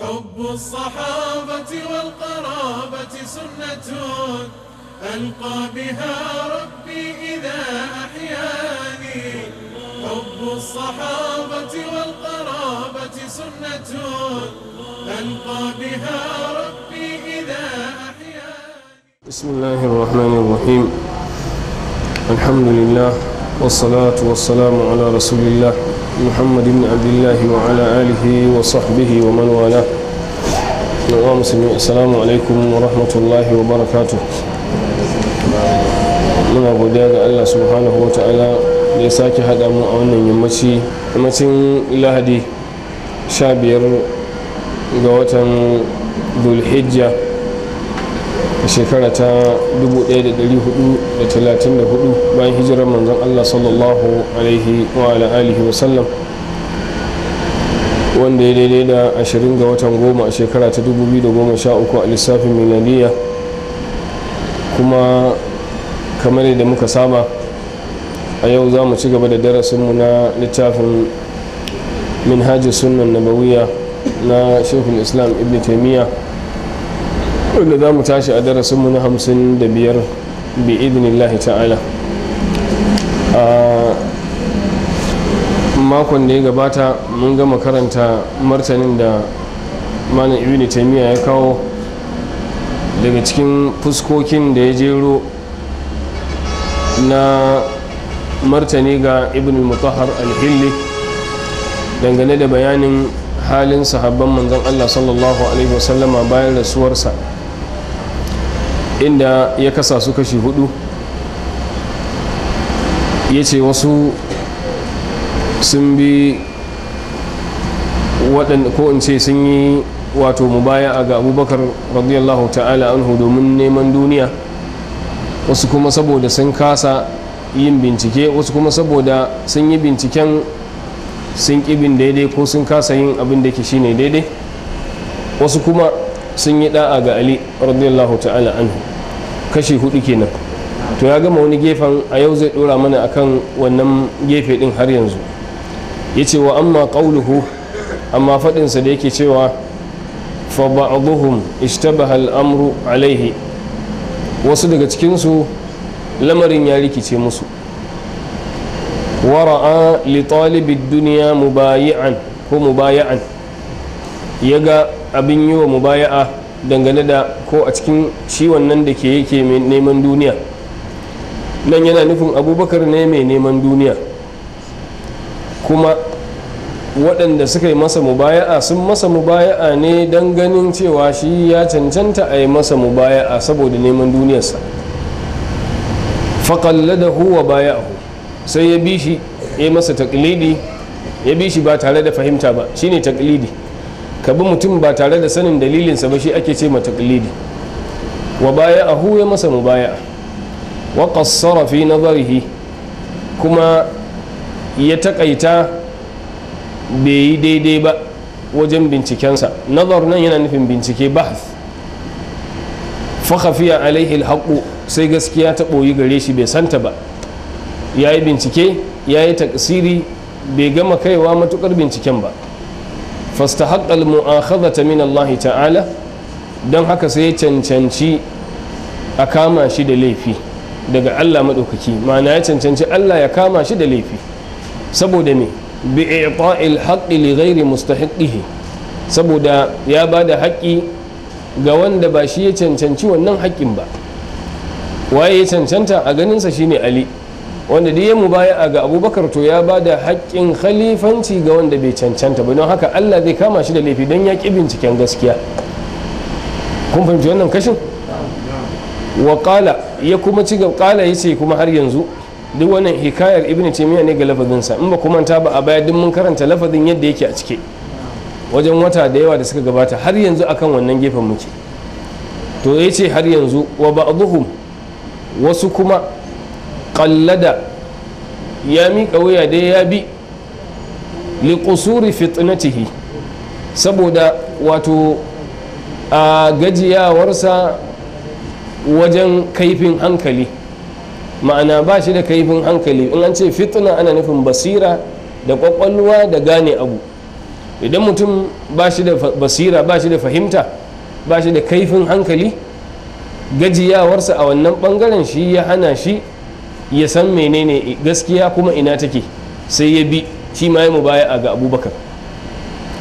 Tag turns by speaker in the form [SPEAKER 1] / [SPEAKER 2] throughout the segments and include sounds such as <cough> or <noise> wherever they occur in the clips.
[SPEAKER 1] حب الصحابة والقرابة سنة ألقى بها ربي إذا أحياني حب الصحابة والقرابة سنة ألقى بها ربي إذا أحياني بسم الله الرحمن الرحيم الحمد لله والصلاة والسلام على رسول الله محمد بن عبد الله وعلى آله وصحبه ومن والاه نعم السلام عليكم ورحمة الله وبركاته muna godiya ga Allah subhanahu wa ta'ala da ya sake haɗa mu a wannan yammaci yammacin lahadi biyar ga watan dulhijja a shekara ta 1434 bayan hijirar manzon Allah sallallahu alaihi wa alihi wa sallam wanda ya daidai da 20 ga watan goma a shekara ta 2013 a lissafin miladiya kuma kamar da muka saba a yau za mu ci gaba da darasinmu na littafin manhajin sunan nabawiya na shekul islam ibn taimiyya wanda za mu tashi a darasinmu na hamsin da biyar bi idinillahi ta'ala a makon da ya gabata mun gama karanta martanin da malam ibn taimiyya ya kawo daga cikin fuskokin da ya jero na martani ga ibn mutahar alhilli dangane da bayanin halin sahabban manzan allah sallallahu alaihi wasallama bayan rasuwarsa inda ya kasa su kashi hudu ya ce wasu sun bi waɗanda ko in ce sun yi wato mu baya a ga abubakar radiyallahu ta'ala anhu domin neman duniya wasu kuma saboda sun kasa yin bincike wasu kuma saboda sun yi binciken sun ƙibin daidai ko sun kasa yin abin da ke shine daidai wasu kuma sun yi da'a ga ali radiyallahu ta'ala anhu kashi hudu kenan to ya gama wani gefen a yau zai dora mana akan wannan gefe din har yanzu ya ce wa amma qauluhu amma faɗinsa da yake cewa fa ba'dhum ishtabaha al-amru alaihi wasu daga cikinsu lamarin ya rikice musu wara'a li talibid duniya mubayi'an ko mubaya'an ya ga abin yi wa mubaya'a dangane da ko a cikin ciwon nan da ke yake neman duniya nan yana nufin abubakar ne mai neman duniya kuma waɗanda suka yi masa mubaya'a sun masa mubaya'a ne don ganin cewa shi ya cancanta a yi masa mubaya'a saboda neman duniyarsa faƙalla faƙalladahu wa baya'ahu sai ya bi shi ya masa taklidi ya bi shi ba tare da fahimta ba shine taklidi ka bi mutum ba tare da sanin dalilinsa ba shi ake ce ma taqlidi wa baya ahu ya masa mubaya wa qassara fi nazarihi kuma ya takaita bai yi daidai ba wajen bincikensa nazar nan yana nufin bincike bahth fakhafiya alaihi alhaqu sai gaskiya ta ɓoyi gare shi bai santa ba yayi bincike yayi yi taksiri bai gama kaiwa matukar binciken ba fastahaqqa al-mu'akhadhata min Allah ta'ala don haka sai ya cancanci a kama shi da laifi daga Allah maɗaukaki ma'ana ya cancanci Allah ya kama shi da laifi saboda me bi i'ta'il haqqi li ghairi mustahiqihi saboda ya ba da haƙƙi ga wanda ba shi ya cancanci wannan haƙƙin ba waye ya cancanta a ganinsa shine Ali wanda da ya a ga abubakar to ya ba da haƙƙin khalifanci ga wanda bai cancanta ba don haka allah zai kama shi da laifi don ya ƙi binciken gaskiya kun fahimci wannan kashin wa ƙala ya kuma ci gaba ƙala ya ce kuma har yanzu duk wannan hikayar ibn taimiyya ne ga lafazinsa in ba kuma ta ba a baya duk mun karanta lafazin yadda yake a cike wajen wata da yawa da suka gabata har yanzu akan wannan gefen muke to ya ce har yanzu wa ba'dhum wasu kuma qallada ya mika wuya dai ya bi liƙusuri fitnatihi saboda wato a gajiyawarsa wajen kaifin hankali ma'ana ba shi da kaifin hankali in an ce fitna ana nufin basira da kwakwalwa da gane abu idan mutum ba shi da basira ba shi da fahimta ba shi da kaifin hankali gajiyawarsa a wannan bangaren shi ya hana shi ya san menene gaskiya kuma ina take sai ya bi shi ma ya a ga abubakar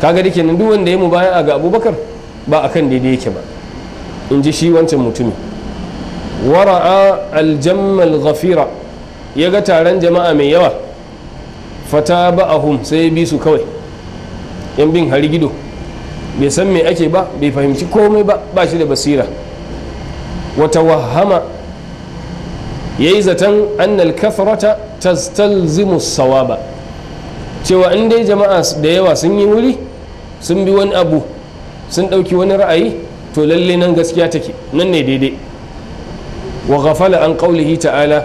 [SPEAKER 1] kaga da kenan duk wanda ya mu baya ga abubakar ba a kan daidai yake ba in ji shi wancan mutumi wara'a aljammal ghafira ya ga taron jama'a mai yawa fata ba a hum sai ya bi su kawai yan bin hari gido bai san me ake ba bai fahimci komai ba ba shi da basira wata wahama yayi zaton annal ta tastalzimu sawaba cewa in dai jama'a da yawa sun yi wuri sun bi wani abu sun ɗauki wani ra'ayi to lalle nan gaskiya take nan ne daidai wa gafala an qaulihi ta'ala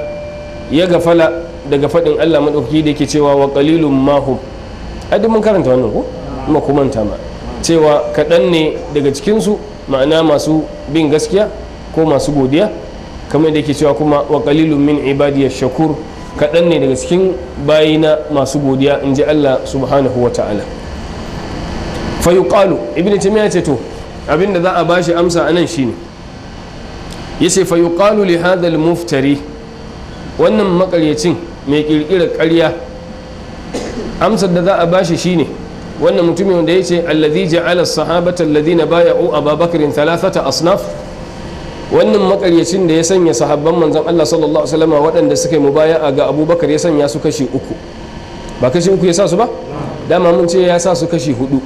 [SPEAKER 1] ya gafala daga faɗin Allah maɗauki da ke cewa wa ƙalilun mahu adin mun karanta wannan ko kuma kumanta ma cewa kaɗan ne daga cikinsu ma'ana masu bin gaskiya ko masu godiya kamar da yake cewa kuma wa qalilun min ibadiyash shakur kaɗan ne daga cikin bayina masu godiya in ji Allah subhanahu wa ta'ala fa yuqalu ibnu taymiya ce to abinda za a bashi amsa anan shine yace fa yuqalu li hadha muftari wannan makaryacin mai ƙirƙirar ƙarya amsar da za a bashi shine wannan mutumin wanda ce allazi ja'ala as-sahabata baya bay'u ababakrin thalathata asnaf wannan makaryacin da ya sanya sahabban manzon Allah sallallahu alaihi wasallam waɗanda suka yi mubaya'a ga Abubakar ya sanya su kashi uku ba kashi uku ya sa su ba dama mun ce ya sa su kashi hudu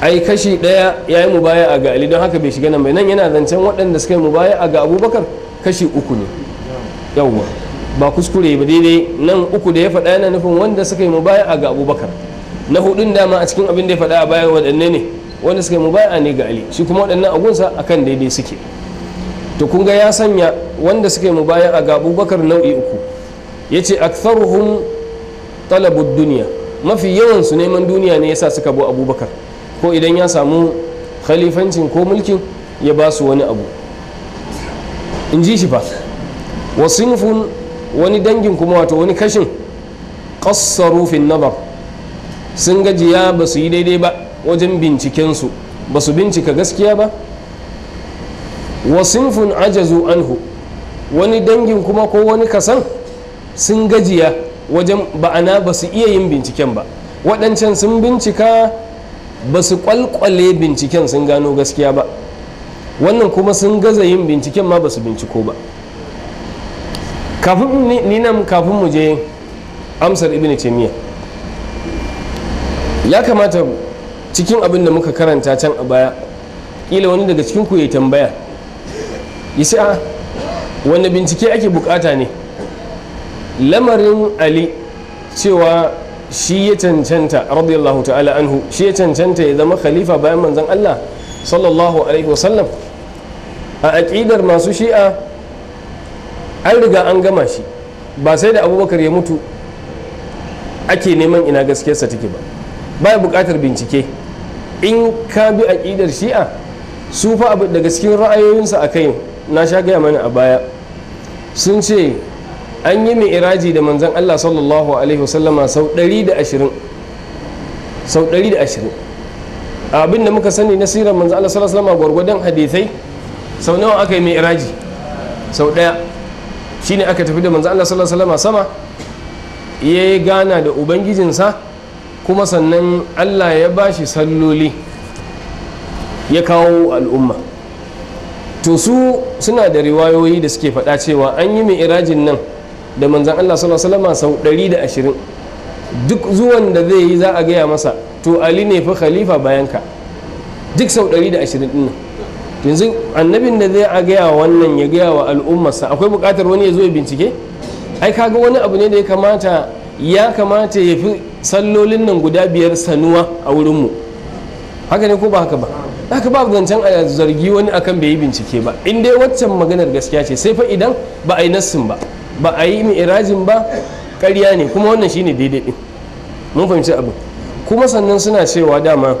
[SPEAKER 1] ai kashi daya ya yi mubaya'a ga Ali don haka bai shiga nan bai nan yana zancen waɗanda suka yi mubaya'a ga Abubakar kashi uku ne yawwa ba kuskure ba daidai nan uku da ya faɗa yana nufin wanda suka yi mubaya'a ga Abubakar na hudun dama a cikin abin da ya faɗa a baya waɗanne ne wanda suka yi mubaya ne ga ali shi kuma waɗannan agunsa akan daidai suke to kun ga ya sanya wanda suka yi mubaya a ga abubakar nau'i uku ya ce aktharuhum talabud duniya mafi yawan su neman duniya ne yasa suka bu abubakar ko idan ya samu khalifancin ko mulkin ya ba su wani abu in ji shi fa wasinfun wani dangin kuma wato wani kashin rufin nabar sun gajiya ba su yi daidai ba wajen bincikensu ba su bincika gaskiya ba wasinfun ajazu anhu wani dangin kuma ko wani kasan sun gajiya wajen ba'ana ba su iya yin binciken ba waɗancan sun bincika ba su kwalkwale binciken sun gano gaskiya ba wannan kuma sun gaza yin binciken ma ba su binciko ba kafin kafin mu je amsar ibn taimiyya ya kamata cikin abin da muka karanta can a baya kila wani daga cikin ku ya tambaya ya ce a wanda bincike ake bukata ne lamarin ali cewa shi ya cancanta radiyallahu ta'ala anhu shi ya cancanta ya zama khalifa bayan manzon Allah sallallahu alaihi wasallam a aƙidar masu shi'a an riga an gama shi ba sai da abubakar ya mutu ake neman ina gaskiyarsa take ba ba buƙatar bincike in ka bi aƙidar shi'a su fa abu daga cikin ra'ayoyinsu a kai na sha gaya mana a baya sun ce an yi mai iraji da manzan allah sallallahu alaihi wasallama sau 120 sau 120 abin da muka sani na sirar manzan allah sallallahu alaihi wasallama gwargwadon hadithai sau nawa aka yi mai iraji sau ɗaya shine aka tafi da manzan allah sallallahu alaihi wasallama sama ya gana da ubangijinsa kuma sannan allah ya ba shi salloli ya kawo al'umma to su suna da riwayoyi da suke faɗa cewa an yi mai irajin nan da manzan allah salama sau 120 duk zuwan da zai yi za a gaya masa to ali ne fa khalifa bayanka duk sau 120 ɗin yanzu annabin da zai a gaya wannan ya gaya wa al'ummarsa akwai buƙatar wani ya zo ya bincike ai kaga wani abu ne da ya kamata ya kamata ya fi sallolin nan guda biyar sanuwa a wurinmu haka ne ko ba haka ba haka ba zancen a zargi wani akan bai yi bincike ba in dai waccan maganar gaskiya ce sai fa idan ba a yi nassin ba ba a yi mi'irajin ba karya ne kuma wannan shine daidai din mun fahimci abin kuma sannan suna cewa dama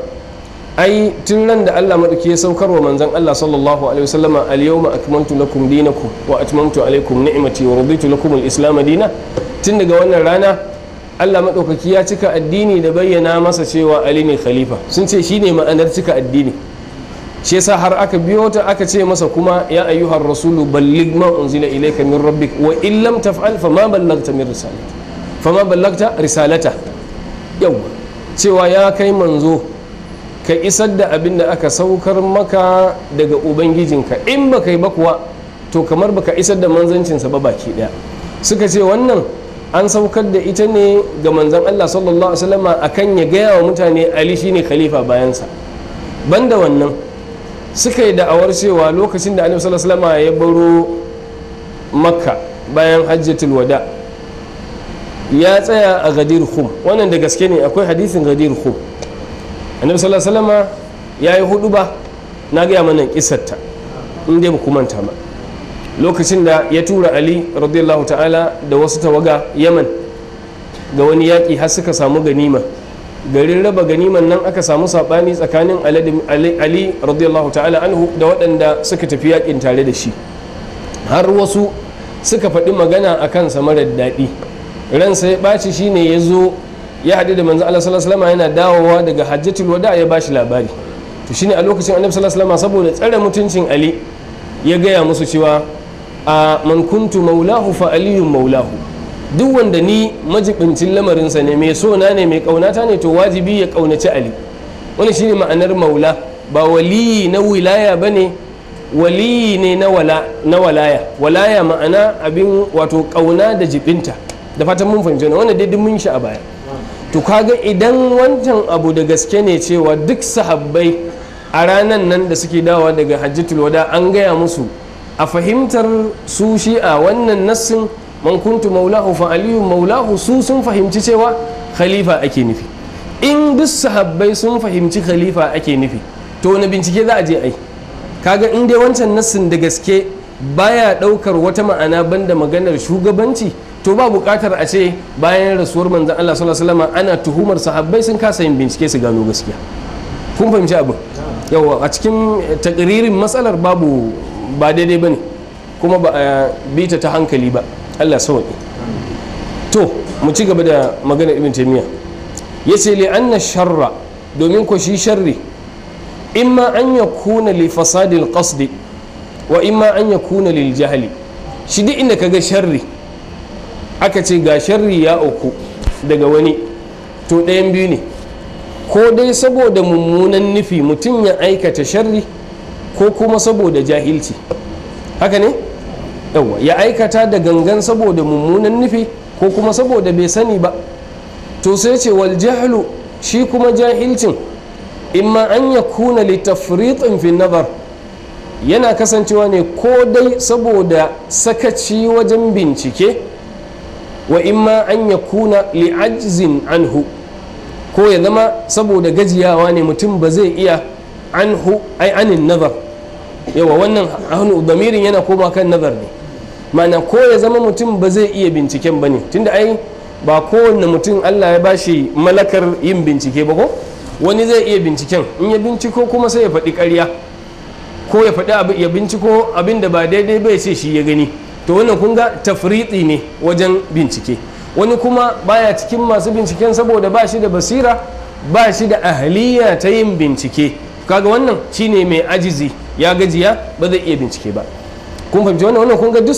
[SPEAKER 1] ai tun ran da Allah maɗauki ya saukar wa manzan. Allah sallallahu alaihi wasallama al-yawma akmaltu lakum dinakum wa atmamtu alaikum ni'mati wa raditu lakum al-islam dina tun daga wannan rana Allah maɗaukaki ya cika addini da bayyana masa cewa Ali ne khalifa sun ce shi ne ma'anar cika addini shi yasa har aka biyo ta aka ce masa kuma ya ayyuhar rasulu balligh ma unzila ilayka min rabbik wa illam taf'al fa ma ballagta min fa ma ballagta risalata yawa cewa ya kai manzo ka isar da abin da aka saukar maka daga ubangijinka in baka yi ba kuwa to kamar baka isar da manzancinsa ba baki daya suka ce wannan an saukar da ita ne ga manzan Allah sallallahu alaihi a akan ya gaya wa mutane Ali shine khalifa bayansa banda wannan suka yi da'awar cewa lokacin da Annabi sallallahu alaihi ya baro Makka bayan Hajjatul Wada ya tsaya a gadir Khum wannan da gaske ne akwai hadisin gadir Khum Annabi sallallahu alaihi ya yi hudu ba na gaya mana kisarta in dai ba kumanta ba lokacin da ya tura ali radiyallahu ta'ala da wasu tawaga yaman ga wani yaƙi har suka samu ganima garin raba ganiman nan aka samu saɓani tsakanin ali radiyallahu ta'ala anhu da waɗanda suka tafi yaƙin tare da shi har wasu suka faɗi magana a kansa samarar daɗi ransa ya ɓaci ne ya zo ya haɗu da manzan Allah sallallahu yana dawowa daga hajjatul wada ya shi labari to ne a lokacin annabi sallallahu alaihi saboda tsare mutuncin ali ya gaya musu cewa a mankuntu maulahu fa maulahu duk wanda ni majibincin lamarinsa ne mai sona ne mai kaunata ne to wajibi ya kaunaci ali wani shine ma'anar maula ba waliyi na wilaya ba ne waliyi ne na wala na walaya walaya ma'ana abin wato kauna da jibinta da fatan mun fahimci na wanda dai mun shi a baya to kaga idan wancan abu da gaske ne cewa duk sahabbai a ranar nan da suke dawa daga hajjatul wada an gaya musu a fahimtar su a wannan nassin man kuntu maulahu fa aliyu maulahu su sun fahimci cewa khalifa ake nufi in duk sahabbai sun fahimci khalifa ake nufi to na bincike za a je ai kaga in dai wancan nassin da gaske baya daukar wata ma'ana banda maganar shugabanci to ba bukatar a ce bayan rasuwar manzon Allah sallallahu alaihi wasallam ana tuhumar sahabbai sun kasa yin bincike su gano gaskiya kun fahimci abu yawa a cikin takririn matsalar babu ba daidai ba ne kuma ba a eh, bita ta hankali ba allah sauƙi to mu ci gaba da magana ibn taimiyya ya ce na sharra domin ko shi sharri in ma an ya kuna li fasadil qasdi wa ma an ya kuna lil jahali shi duk inda kaga sharri aka ce ga sharri ya uku daga wani to ɗayan biyu ne ko dai saboda mummunan nufi mutum ya aikata sharri ko kuma saboda jahilci haka ne yawa ya aikata da gangan saboda mummunan nufi ko kuma saboda bai sani ba to sai ce wal jahlu shi kuma jahilcin imma an ya kuna litafritin fi nazar yana kasancewa ne ko dai saboda sakaci wajen bincike wa imma an ya kuna li'ajzin anhu ko ya zama saboda gajiyawa ne mutum ba zai iya anhu ai anin nazar yawa wannan hannu damirin yana koma kan nazar ne mana ko ya zama mutum ba zai iya binciken ba ne tunda ai ba kowane mutum allah ya bashi malakar yin bincike ba ko wani zai iya binciken in ya binciko kuma sai ya faɗi ƙarya ko ya faɗi ya binciko abin da ba daidai bai ce shi ya gani to wannan kun ga tafriɗi ne wajen bincike wani kuma baya cikin masu binciken saboda ba shi da basira ba shi da ahaliya ta yin bincike kaga wannan shine mai ajizi ya gajiya ba zai iya bincike ba kun fahimci wannan wannan kun ga duk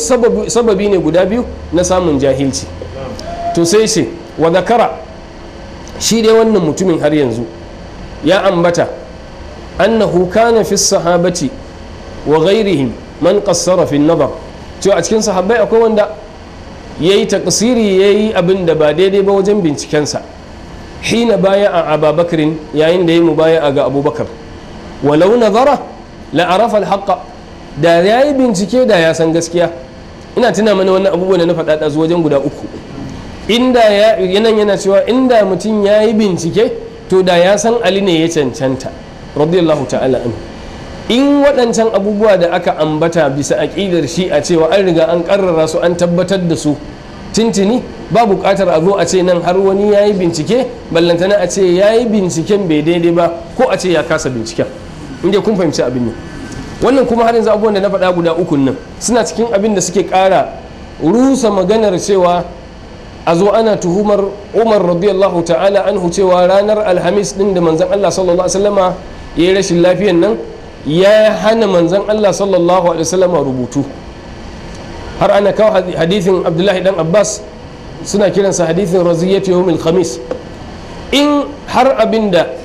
[SPEAKER 1] sababi ne guda biyu na samun jahilci to sai shi wa zakara shi dai wannan mutumin har yanzu ya ambata annahu kana fi sahabati wa ghairihim man qassara fi nazar to a cikin sahabbai akwai wanda yayi taqsiri yayi abin da ba daidai ba wajen bincikensa hina baya a ababakarin yayin da ya mu baya ga abubakar walau nazara la'arafa alhaqa da yayi bincike da ya san gaskiya ina tuna mana wannan abubuwan da na faɗa ɗazu wajen guda uku inda ya yanan yana cewa inda mutum ya yi bincike to da ya san ali ne ya cancanta radiyallahu ta'ala anhu in waɗancan abubuwa da aka ambata bisa aƙidar shi a cewa an riga an ƙarrara su an tabbatar da su tintini ba buƙatar a zo a ce nan har wani ya yi bincike ballantana a ce ya yi binciken bai daidai ba ko a ce ya kasa binciken inda kun fahimci abin nan wannan kuma har yanzu abubuwan da na faɗa guda ukun nan suna cikin abin da suke ƙara rusa maganar cewa a zo ana tuhumar umar radiyallahu ta'ala anhu cewa ranar alhamis din da manzan allah sallallahu alaihi ya yi rashin lafiyan nan ya hana manzan allah sallallahu alaihi rubutu har ana kawo hadithin abdullahi dan abbas suna kiransa hadithin raziyatu yawmil khamis in har abinda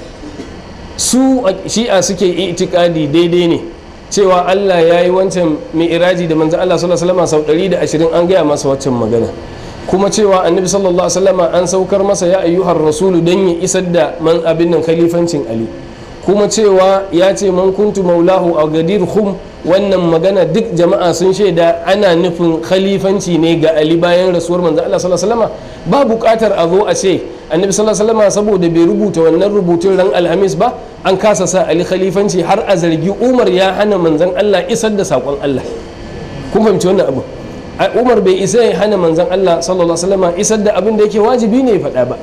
[SPEAKER 1] su shi'a suke itikadi daidai ne cewa Allah ya yi wancan iraji da manzan Allah sallallahu alaihi sau 120 an gaya masa waccan magana kuma cewa annabi sallallahu alaihi an saukar masa ya ayyuhar rasulu dan ya isar da man abin nan khalifancin ali kuma cewa ya ce man kuntu maulahu a gadir hum wannan magana duk jama'a sun shaida ana nufin khalifanci ne ga ali bayan rasuwar manzan Allah sallallahu alaihi ba bukatar a zo a ce annabi sallallahu alaihi wasallam saboda bai rubuta wannan rubutun ran alhamis ba an kasa sa ali khalifanci har a zargi umar ya hana manzon Allah isar da sakon Allah kun fahimci wannan abu umar bai isa ya hana manzon Allah sallallahu alaihi wasallam isar da abin da yake wajibi ne ya faɗa ba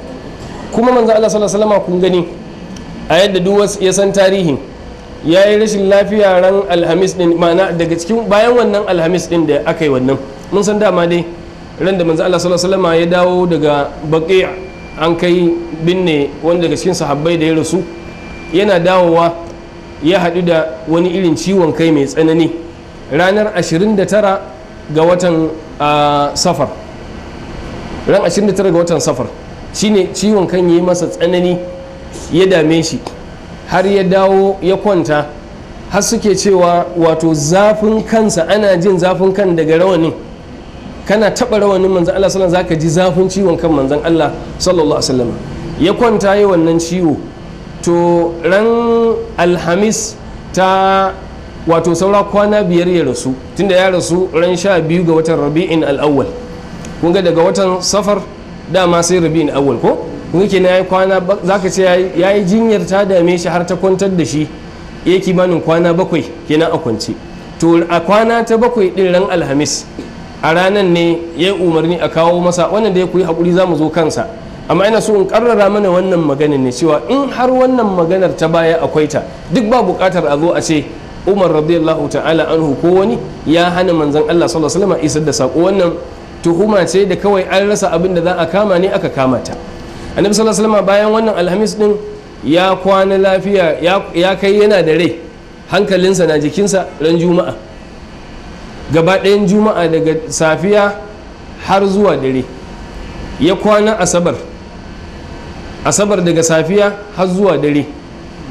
[SPEAKER 1] kuma manzon Allah sallallahu alaihi wasallam kun gani a yadda duk ya san tarihin ya yi rashin lafiya ran alhamis din ma'ana daga cikin bayan wannan alhamis din da aka yi wannan mun san dama dai ran da manzo Allah sallallahu alaihi wasallam ya dawo daga baqi' an kai binne wani daga cikin sahabbai da ya rasu yana dawowa ya haɗu da wani irin ciwon kai mai tsanani ranar 29 ga watan safar ran 29 ga watan safar shine ciwon kan yi masa tsanani ya dame shi har ya dawo ya kwanta har suke cewa wato zafin kansa ana jin zafin kan daga rawanin kana taɓa rawanin manzan Allah sallallahu zaka ji zafin ciwon kan manzan Allah sallallahu alaihi wasallam ya kwanta yi wannan ciwo to ran alhamis ta wato saura kwana biyar ya rasu tunda ya rasu ran sha biyu ga watan rabi'in al'awwal kun ga daga watan safar dama sai rabi'in al'awwal ko kun ke na yayi kwana zaka ce yayi jinyar ta dame shi har ta kwantar da shi ya kimanin kwana bakwai kenan a kwance to a kwana ta bakwai din ran alhamis a ranar ne ya yi umarni a kawo masa wannan da ya kuyi haƙuri za mu zo kansa amma ina so in ƙarrara mana wannan maganar ne cewa in har wannan maganar ta baya akwai ta duk ba buƙatar a zo a ce umar radiyallahu ta'ala anhu ko wani ya hana manzon allah sallallahu alaihi wasallam isar da sako wannan tuhuma ce da kawai an rasa abin da za a kama ne aka kama ta annabi sallallahu alaihi wasallam bayan wannan alhamis din ya kwana lafiya ya kai yana da rai hankalinsa na jikinsa ran juma'a gaba ɗayan juma'a daga safiya har zuwa dare ya kwana asabar asabar daga safiya har zuwa dare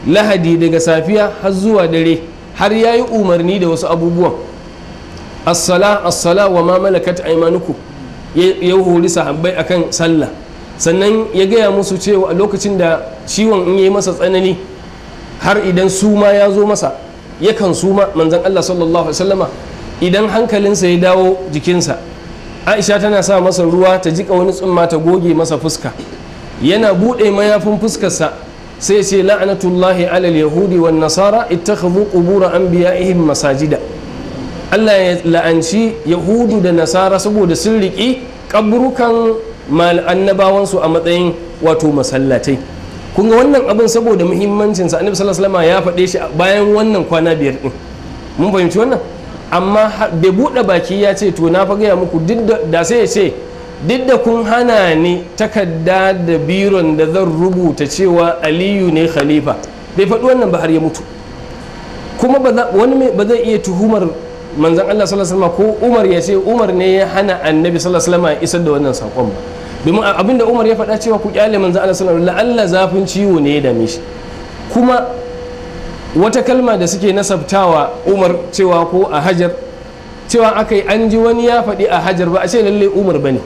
[SPEAKER 1] lahadi daga safiya har zuwa dare har ya yi umarni da wasu abubuwan assala assala wa ma aimanuku ya hori sahabbai akan sallah sannan ya gaya musu cewa a lokacin da ciwon in yi masa tsanani har idan suma ya zo masa yakan suma manzan allah sallallahu alaihi wasallama idan hankalinsa ya dawo jikinsa aisha tana sa masa ruwa ta jika wani tsumma ta goge masa fuska yana buɗe mayafin fuskarsa sai ce la'anatullahi alal yahudi wa nasara ita ittakhadhu qubur anbiya'ihim masajida Allah ya la'anci yahudu da nasara saboda sun riƙi ƙabrukan annabawansu a matsayin wato masallatai kun ga wannan abin saboda muhimmancinsa annabi sallallahu alaihi ya faɗe shi bayan wannan kwana biyar din mun fahimci wannan amma bai buɗe baki ya ce to na fa gaya muku da sai ya ce duk da kun hana ni takarda da biron da zan rubuta cewa aliyu ne khalifa bai faɗi wannan ba har ya mutu kuma wani ba zai iya tuhumar manzan Allah sallallahu alaihi wasallam ko Umar ya ce Umar ne ya hana Annabi sallallahu alaihi wasallam isar da wannan sakon ba domin abinda Umar ya faɗa cewa ku kyale manzan Allah sallallahu alaihi wasallam la'alla zafin ciwo ne ya dame shi kuma wata kalma da suke nasabtawa umar cewa ko a hajar cewa aka yi an ji wani ya faɗi a hajar ba a ce lallai umar ba ne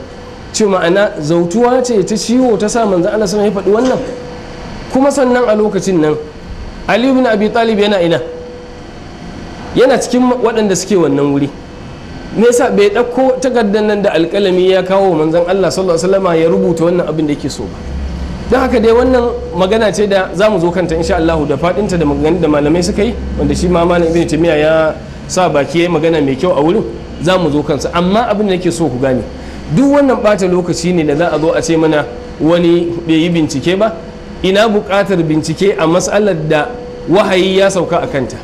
[SPEAKER 1] ce ma'ana zautuwa ce ta ciwo ta sa manzan Allah sun ya faɗi wannan kuma sannan a lokacin nan Ali bin Abi Talib yana ina yana cikin waɗanda suke wannan wuri me yasa bai ɗauko takardar nan da alƙalami ya kawo manzan Allah sallallahu alaihi wasallama ya rubuta wannan abin da yake so ba don haka dai wannan magana ce da za mu zo kanta insha Allah da fadinta da maganin da malamai suka yi wanda shi ma malam ibn tamiya ya sa baki yayi magana mai kyau a wurin za mu zo kansa amma abin da nake so ku gane duk wannan bata lokaci ne da za a zo a ce mana wani bai yi bincike ba ina buƙatar bincike a matsalar da wahayi ya sauka a kanta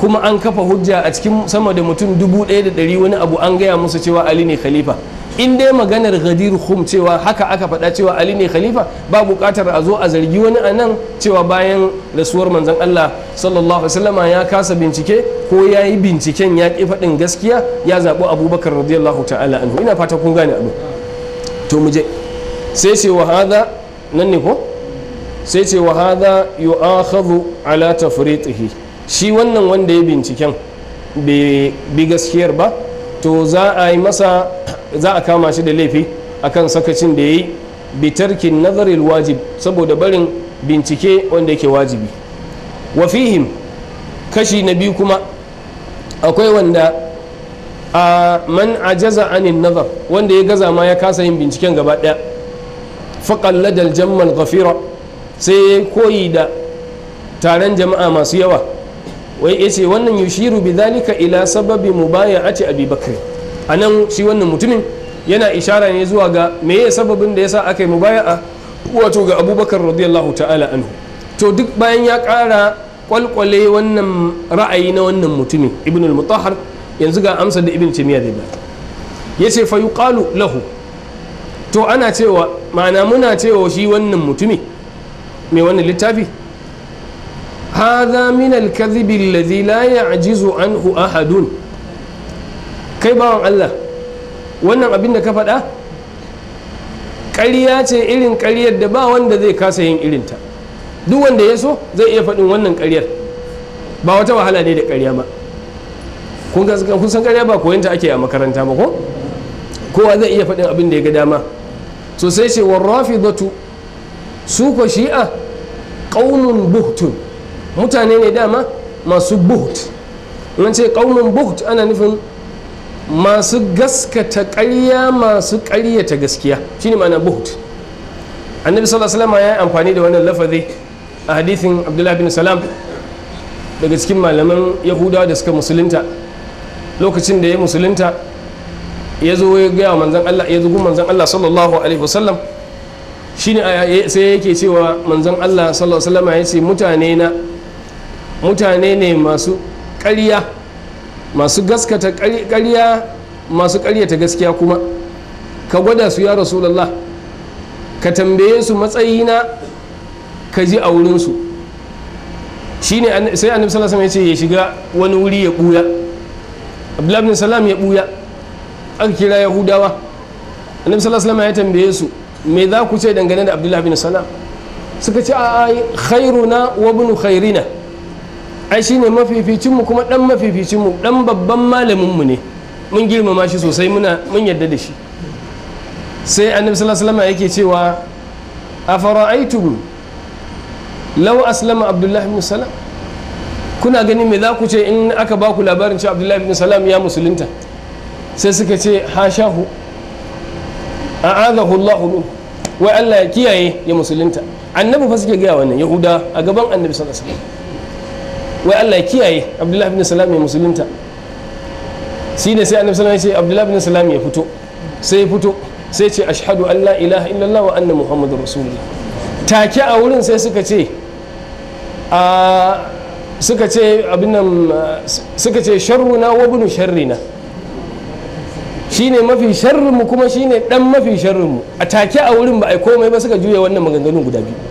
[SPEAKER 1] kuma an kafa hujja a cikin sama da mutum dubu ɗaya da ɗari wani abu an gaya musu cewa ali ne khalifa in dai maganar gadir hum cewa haka aka faɗa cewa ali ne khalifa ba buƙatar a zo a zargi wani a nan cewa bayan rasuwar manzon Allah sallallahu alaihi ya kasa bincike ko ya yi binciken ya ƙi faɗin gaskiya ya zaɓi abubakar radiyallahu ta'ala anhu ina fata kun gane abu to mu je sai ce wa nan ne ko sai ce wa hadha yu'akhadhu ala tafriqihi shi wannan wanda ya binciken bai bi gaskiyar ba to za a yi masa za a kama shi da laifi akan sakacin da ya yi bitarkin nazaril wajib saboda barin bincike wanda yake wajibi wa fihim kashi na biyu kuma akwai wanda a man ajaza anin nazar wanda ya gaza ma ya kasa yin binciken gaba ɗaya faƙalladal jammal gafira sai koyi da taron jama'a masu yawa wai ce wannan yushiru zalika ila sababi mubaya'ati abi bakr anan shi wannan mutumin yana ishara ne zuwa ga meye sababin da ya sa aka yi a wato ga abubakar radiyallahu ta'ala anhu to duk bayan ya kara kwalkwale wannan ra'ayi na wannan mutumin ibn al-mutahhar yanzu ga amsa da ibn timiya da ya ce fa yuqalu lahu to ana cewa ma'ana muna cewa shi wannan mutumin mai wannan littafi hadha min al-kadhib alladhi la ya'jizu anhu ahadun kai bawan Allah wannan abin da ka faɗa ƙarya ce irin ƙaryar da ba wanda zai kasa yin irinta duk wanda ya so zai iya faɗin wannan ƙaryar ba wata wahala ne da ƙarya ba kun san ƙarya ba koyanta ake a makaranta ba ko kowa zai iya faɗin abin da ya ga dama so sai ce warrafidatu su ko shi'a qaumun buhtun mutane ne dama masu buhut in ce kaumin buhut ana nufin masu gaskata ƙarya masu ƙaryata gaskiya shi ne mana buhut annabi sallallahu alaihi wasallam ya yi amfani da wannan lafazi a hadithin abdullahi bin salam daga cikin malaman yahudawa da suka musulunta lokacin da ya musulunta ya zo ya gaya manzan Allah ya zugu manzan Allah sallallahu alaihi wasallam shine sai yake cewa manzan Allah sallallahu alaihi wasallam ya ce mutane na mutane ne masu ƙarya masu gaskata ƙarya masu ƙaryata gaskiya kuma ka gwada su ya rasulallah ka tambaye su matsayina ka ji a wurinsu shi ne sai annabi sallallahu ya ce ya shiga wani wuri ya buya abdullahi salam ya buya aka kira yahudawa annabi sallallahu ya tambaye su me za ku ce dangane da abdullahi salam suka ce a khairuna wa bunu khairina ai shine mafificin mu kuma dan mafificin mu dan babban malamin mu ne mun girmama shi sosai muna mun yarda da shi sai annabi sallallahu alaihi wasallam yake cewa afara'aytum law aslama abdullahi ibn salam kuna gani me za ku ce in aka ba ku labarin cewa abdullahi ibn salam ya musulunta sai suka ce ha shahu a'adahu allah min wai allah ya kiyaye ya musulunta annabi fa suke gaya wannan yahuda a gaban annabi sallallahu alaihi wasallam wai Allah ya kiyaye abdullahi bin salam ya musulunta shi ne sai annabi sallallahu alaihi ya ce abdullahi bin salam ya fito sai ya fito sai ce ashhadu an la ilaha illallah wa anna muhammadur rasulullah take a wurin sai suka ce a suka ce abin nan suka ce sharruna wa bunu sharrina shine mafi sharrinmu kuma shine dan mafi sharrinmu a take a wurin ba ai komai ba suka juya wannan maganganun guda biyu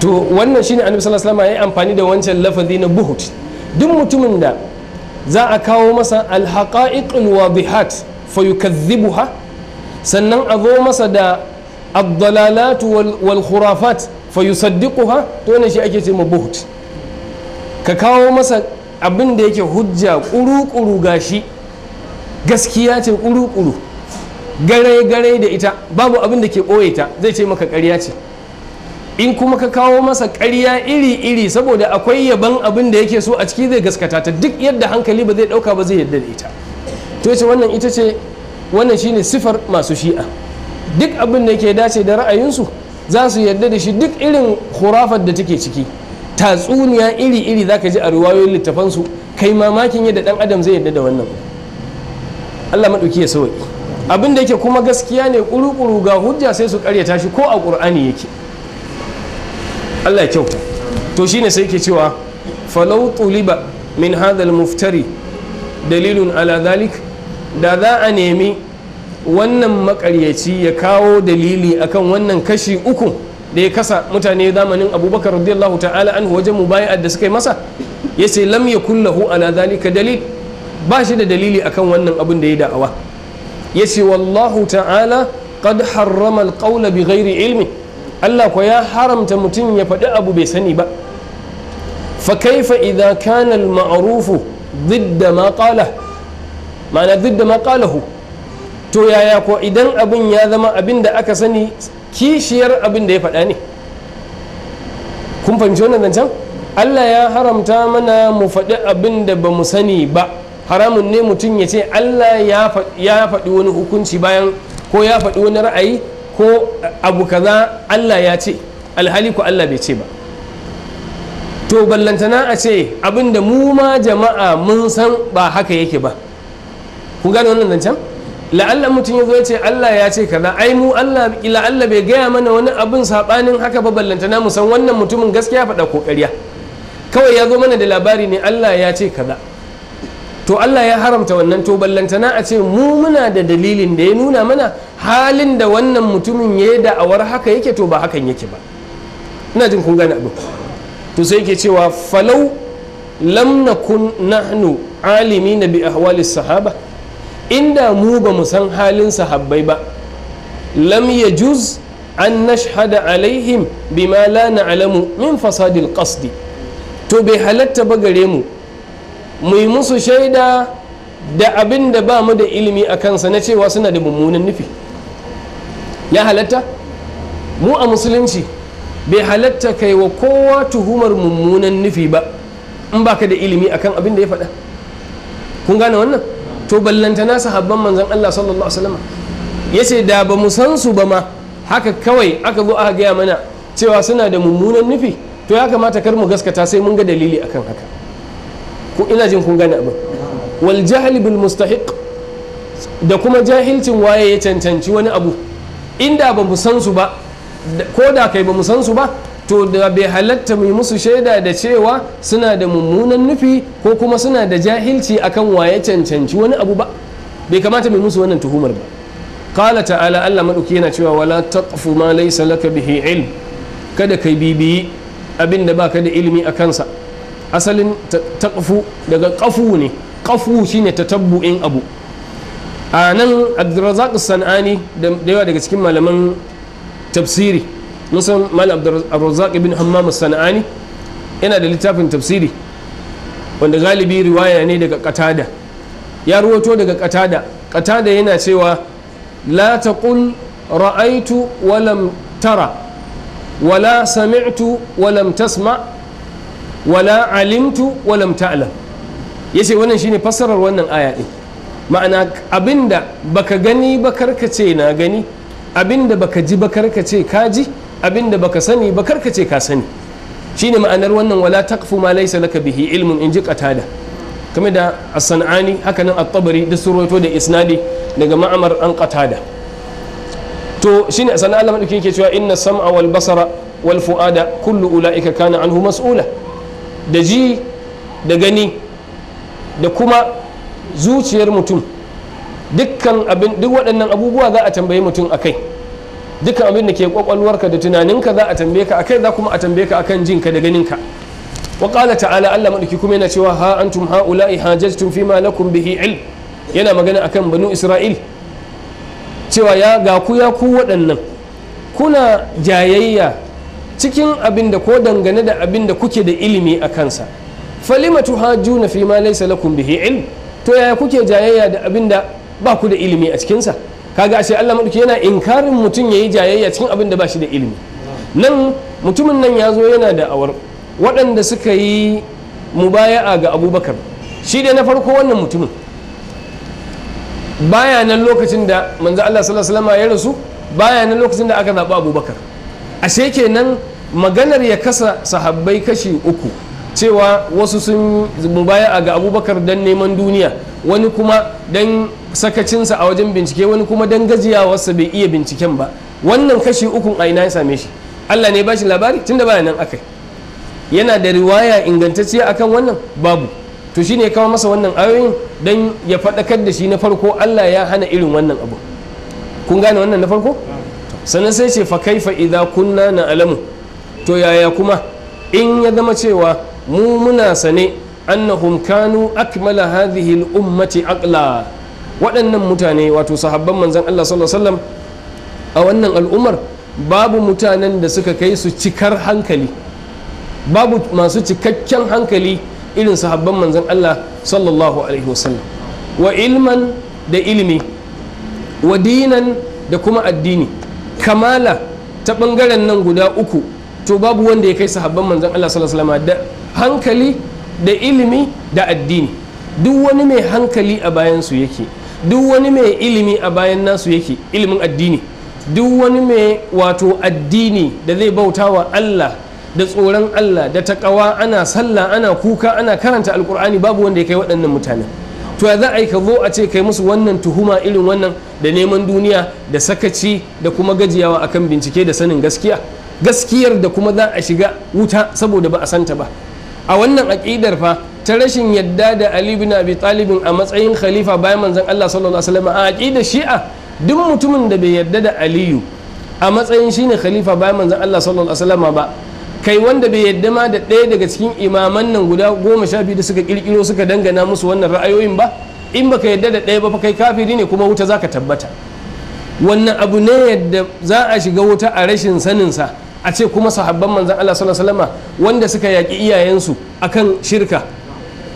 [SPEAKER 1] to wannan shine annabi sallallahu alaihi wasallam ya amfani da wancan lafazi na buhut duk mutumin da za a kawo masa alhaqa'iqul wadihat fa yukazzibuha sannan a zo masa da wal khurafat fa فيصدقها to wannan shi ake ce ma buhut ka kawo masa abin da yake hujja kuru-kuru gashi gaskiya ce kuru-kuru gare-gare da ita babu abin da ke ɓoye ta zai ce maka ƙarya ce in kuma ka kawo masa ƙarya iri-iri saboda akwai yaban abin da yake so a ciki zai gaskata ta duk yadda hankali ba zai ɗauka ba zai yadda da ita to ce wannan ita ce wannan shine sifar masu shi'a duk abin da ke dace da ra'ayinsu za su yadda da shi duk irin hurafar da take ciki tatsuniya iri-iri za ka ji a riwayoyin littafansu kai mamakin yadda ɗan adam zai yadda da wannan allah maɗauki ya sauki abin da yake kuma gaskiya ne ƙuruƙuru ga hujja sai su ƙaryata shi ko a ƙur'ani yake Allah ya kyauta to shine sai yake cewa falau tuliba min hadal muftari dalilun ala zalik da za a nemi wannan makaryaci ya kawo dalili akan wannan kashi uku da ya kasa mutane zamanin abubakar radiyallahu ta'ala an wajen mubaya'ar da suka yi masa ya ce lam ya kullahu ala zalika dalil ba shi da dalili akan wannan abin da ya da'awa ya ce wallahu ta'ala qad harrama alqawla bi ghairi ilmi Allah ko ya haramta mutum ya faɗi abu bai sani ba fa kaifa idza kana al ma'rufu didda ma qala ma'ana didda ma qalahu to yaya ko idan abin ya zama abin da aka sani kishiyar abin da ya faɗa ne kun fahimci wannan zancen Allah ya haramta mana mu faɗi abin da ba mu sani ba haramun ne mutum ya ce Allah ya faɗi wani hukunci bayan ko ya faɗi wani ra'ayi ko abu kaza Allah ya ce alhali ku Allah bai ce ba to ballantana a ce abinda mu ma jama'a mun san ba haka yake ba ku gane wannan zancen la'alla mutum ya zo ya ce Allah ya ce kaza ai mu Allah la'alla bai gaya mana wani abin sabanin haka ba ballantana mu san wannan mutumin gaskiya faɗa ko ƙarya kawai ya zo mana da labari ne Allah ya ce kaza to Allah ya haramta wannan to ballantana a ce mu muna da dalilin da ya nuna mana halin da wannan mutumin ya da'awar haka yake to ba hakan yake ba ina jin kun gane abu to sai yake cewa falau lam nakun nahnu na bi ahwali sahaba inda mu ba mu san halin sahabbai ba lam yajuz an nashhada alaihim bima la na'lamu min fasadil qasdi to bai halatta ba gare mu mu musu shaida da abin da ba mu da ilimi a kansa na cewa suna da mummunan nufi ya halatta mu a musulunci bai halatta kai wa kowa tuhumar mummunan nufi ba in baka da ilimi akan abin da ya faɗa kun gane wannan to ballanta nasa sahabban manzon Allah sallallahu alaihi wasallam yace da ba mu san su ba ma haka kawai aka zo aka gaya mana cewa suna da mummunan nufi to ya kamata kar mu gaskata sai mun ga dalili akan haka ku ina jin kun gani abin wal jahli mustahiq da kuma jahilcin waye ya cancanci wani abu inda ba mu san su ba ko da kai ba mu san su ba to da bai halatta mai musu shaida da cewa suna da mummunan nufi ko kuma suna da jahilci akan waye cancanci wani abu ba bai kamata mai musu wannan tuhumar ba qala ta'ala Allah madauki yana cewa wala taqfu ma laysa laka bihi ilm kada kai bibiyi abin da baka da ilimi a kansa asalin taqfu daga qafu ne qafu shine tatabbu'in abu a nan abdurrazak san'ani da yawa daga cikin malaman tafsiri musan mal bin ibn hammam san'ani yana da littafin tafsiri wanda galibi riwaya ne daga katada ya ruwato daga katada katada yana cewa la taqul ra'aitu walam tara wala sami'tu walam tasma' wala alimtu walam ta'lam yace wannan shine fassarar wannan aya din ma'ana abinda baka gani ba ce na gani abinda baka ji ba ce ka ji abinda baka sani ba ce ka sani shine ma'anar wannan wala taqfu ma laysa laka bihi ilmun inji qatada kamar da as-sanani haka nan at-tabari da surwato da isnadi daga ma'amar an qatada to shine sanan Allah madauki yake cewa inna sam'a wal basara wal fu'ada kullu ula'ika kana anhu mas'ula da ji da gani da kuma zuciyar mutum dukkan abin duk waɗannan abubuwa za a tambaye mutum a kai dukkan abin da ke kwakwalwarka da tunaninka za a tambaye ka akai za kuma a tambaye ka akan jinka da ganinka wa ƙala ta'ala Allah madauki kuma yana cewa ha antum jaj tun fi lakum bihi ilm yana magana akan banu isra'il cewa ya ga ku ya ku waɗannan kuna jayayya cikin abin da ko dangane da abin da kuke da ilimi a kansa falima na fi ma laysa lakum bihi ilm to yaya kuke jayayya da abin da ba ku da ilimi a cikinsa kaga ashe Allah maduki yana inkarin mutum yayi jayayya cikin abin da ba shi da ilimi nan mutumin nan ya zo yana da awar waɗanda suka yi mubaya'a ga abubakar shi dai na farko wannan mutumin baya nan lokacin da manzo Allah sallallahu alaihi wasallam ya rasu baya nan lokacin da aka zaɓi abubakar ashe kenan maganar ya kasa sahabbai kashi uku cewa wasu sun mubaya ga abubakar don neman duniya wani kuma don sakacinsa a wajen bincike wani kuma don gajiyawarsa bai iya binciken ba wannan kashi uku a ina ya same shi allah ne ba shi labari tunda baya nan akai yana da riwaya ingantacciya akan wannan babu to shine ya kawo masa wannan ayoyin don ya faɗakar da shi na farko allah ya hana irin wannan abu kun gane wannan na farko sannan sai ce fa kaifa idza kunna na alamu to yaya kuma in ya zama cewa mu muna sane annahum kanu akmala hadhihi al-ummati aqla waɗannan mutane wato sahabban manzon Allah sallallahu alaihi wasallam a wannan al'ummar babu mutanen da suka kai su cikar hankali babu masu cikakken hankali irin sahabban manzon Allah sallallahu alaihi wasallam wa ilman da ilimi wa dinan da kuma addini kamala ta ɓangaren nan guda uku to babu wanda ya kai sahabban manzon Allah sallallahu alaihi da hankali da ilimi da addini duk wani mai hankali a bayan su yake duk wani mai ilimi a bayan nasu yake ilimin addini duk wani mai wato addini da zai bauta wa Allah da tsoron Allah da takawa ana sallah ana kuka ana karanta alkur'ani babu wanda ya kai waɗannan mutanen to ya za a yi ka zo a ce kai musu wannan tuhuma irin wannan da neman duniya da sakaci da kuma gajiyawa akan bincike da sanin gaskiya gaskiyar da kuma za a shiga wuta saboda ba a santa ba a wannan aƙidar fa ta rashin yadda da Ali bin Abi Talibin a matsayin khalifa bayan manzon Allah sallallahu alaihi a aƙidar Shi'a duk mutumin da bai yarda da Aliyu a matsayin shine khalifa bayan manzon Allah sallallahu alaihi ba kai wanda bai yadda ma da ɗaya daga cikin imaman nan guda goma sha biyu da suka kirkiro suka dangana musu wannan ra'ayoyin ba in baka yadda da ɗaya ba fa kai kafiri ne kuma wuta zaka tabbata wannan abu ne yadda za a shiga wuta a rashin saninsa a ce kuma sahabban manzan Allah sallallahu alaihi wanda suka yaƙi iyayensu akan shirka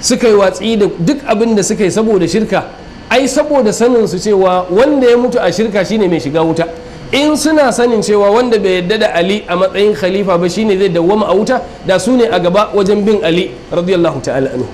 [SPEAKER 1] suka yi watsi da duk abin da suka yi saboda shirka ai saboda sanin su cewa wanda ya mutu a shirka shine mai shiga wuta in suna sanin cewa wanda bai yadda da ali a matsayin khalifa ba shine zai dawwama a wuta da su ne a gaba wajen bin ali radiyallahu ta'ala anhu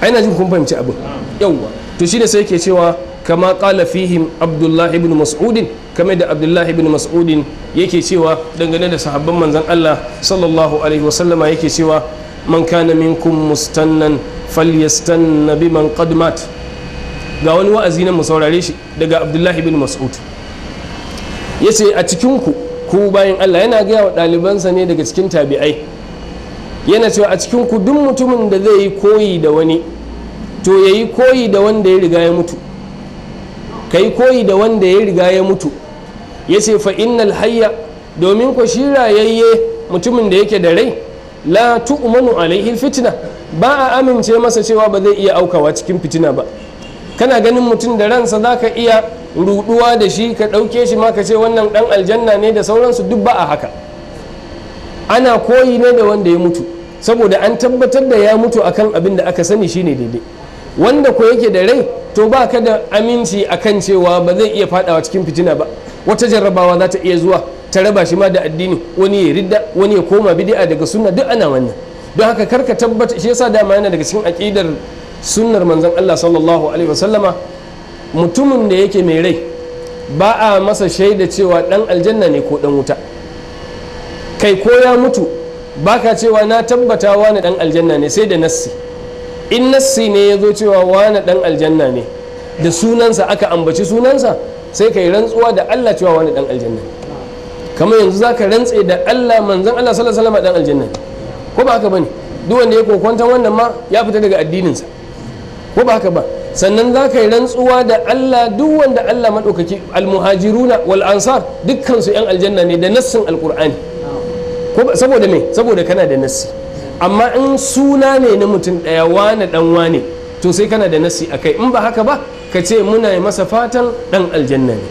[SPEAKER 1] aina jin kun fahimci abin yawwa to shine sai ke cewa kama qala fihim abdullah ibn mas'ud kama da abdullah ibn mas'ud yake cewa dangane da sahabban manzan Allah sallallahu alaihi wasallama yake cewa man kana minkum mustannan falyastanna biman qad mat ga wani wa'azi na mu saurare shi daga abdullahi ibn mas'ud ya ce a cikinku ku bayan Allah yana gaya wa ɗalibansa ne daga cikin tabi'ai yana cewa a cikinku duk mutumin da zai yi koyi da wani to ya yi koyi da wanda ya riga ya mutu ka yi koyi da wanda ya riga ya mutu ya ce fa hayya domin ku shi rayayye mutumin da yake da rai la tu'manu alaihi fitina ba a amince masa cewa ba zai iya aukawa cikin fitina ba kana ganin mutum da ransa zaka iya ruduwa da shi ka ɗauke shi ma ka ce wannan ɗan aljanna ne da sauransu duk ba a haka ana koyi ne da wanda ya mutu saboda an tabbatar da ya mutu akan abin da aka sani shi ne daidai wanda ko yake da rai to ba ka da aminci a kan cewa ba zai iya fadawa cikin fitina ba wata jarrabawa za ta iya zuwa ta raba shi ma da addini wani ya ridda wani ya koma bid'a daga suna duk ana wannan don haka karka tabbata shi yasa dama yana daga cikin aqidar sunnar manzon Allah sallallahu alaihi wasallama mutumin da yake mai rai ba a masa shaida cewa dan aljanna ne ko dan wuta kai ko ya mutu baka cewa na tabbata wani dan aljanna ne sai da nassi in nassi ne ya zo cewa wani dan aljanna ne da sunansa aka ambaci sunansa sai kai rantsuwa da Allah cewa wani dan aljanna ne kamar yanzu zaka rantse da Allah manzon Allah sallallahu alaihi wasallam dan aljanna ne ko ba haka bane duk wanda ya kokonta wannan ma ya fita daga addininsa ko ba haka ba sannan za ka yi rantsuwa da Allah duk wanda Allah maɗaukaki almuhajiruna wal ansar dukkansu yan aljanna ne da nassin alqur'ani saboda me saboda kana da nassi amma in suna ne na mutum ɗaya wane ɗan wane to sai kana da nassi a kai in ba haka ba ka ce muna masa fatan dan aljanna ne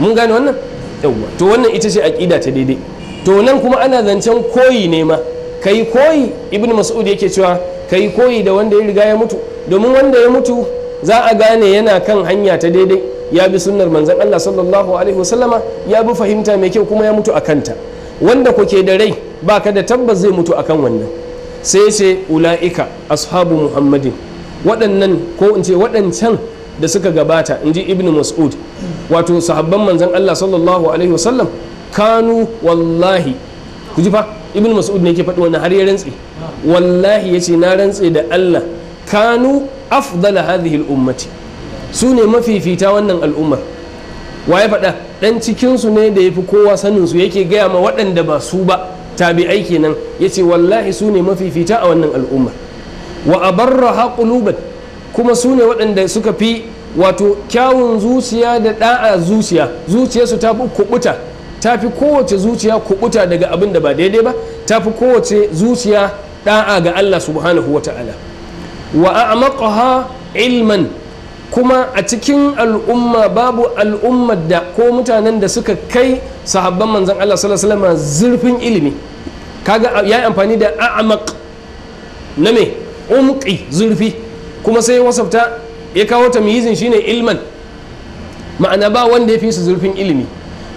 [SPEAKER 1] mun gane wannan yawwa to wannan ita ce aƙida ta daidai to nan kuma ana zancen koyi ne ma kai koyi ibnu mas'ud yake cewa kai koyi da wanda ya riga ya mutu domin wanda ya mutu za a gane yana kan hanya ta daidai ya bi sunnar manzan Allah sallallahu alaihi wasallama ya bi fahimta mai kyau kuma ya mutu a kanta wanda kuke da rai baka da tabbas zai mutu akan wannan sai ce ula'ika ashabu muhammadin waɗannan ko in ce waɗancan da suka gabata in ji ibn mas'ud wato sahabban manzon Allah sallallahu alaihi wasallam kanu wallahi ku ji fa ibn mas'ud ne ke faɗi wannan har ya rantse wallahi ya ce na rantse da Allah kanu afdala hadhihi al-ummati su ne mafifita wannan al'ummar waye ya faɗa ɗan cikinsu ne da yafi fi kowa saninsu yake gaya ma waɗanda ba su ba tabi'ai kenan ya ce wallahi su ne mafifita a wannan al'ummar wa abarra haƙuluban kuma su ne waɗanda suka fi wato kyawun zuciya da ɗa'a zuciya zuciyarsu ta fi kuɓuta ta kowace zuciya kuɓuta daga abin da ba daidai ba tafi kowace zuciya ɗa'a ga allah subhanahu wa ta'ala wa a'maqaha ilman kuma a cikin al'umma babu al'ummar da ko mutanen da suka kai sahabban manzan Allah sallallahu alaihi wasallam zurfin ilimi kaga ya amfani da a'maq na me umqi zurfi kuma sai wasafta ya kawo ta tamyizin shine ilman ma'ana ba wanda ya fi su zurfin ilimi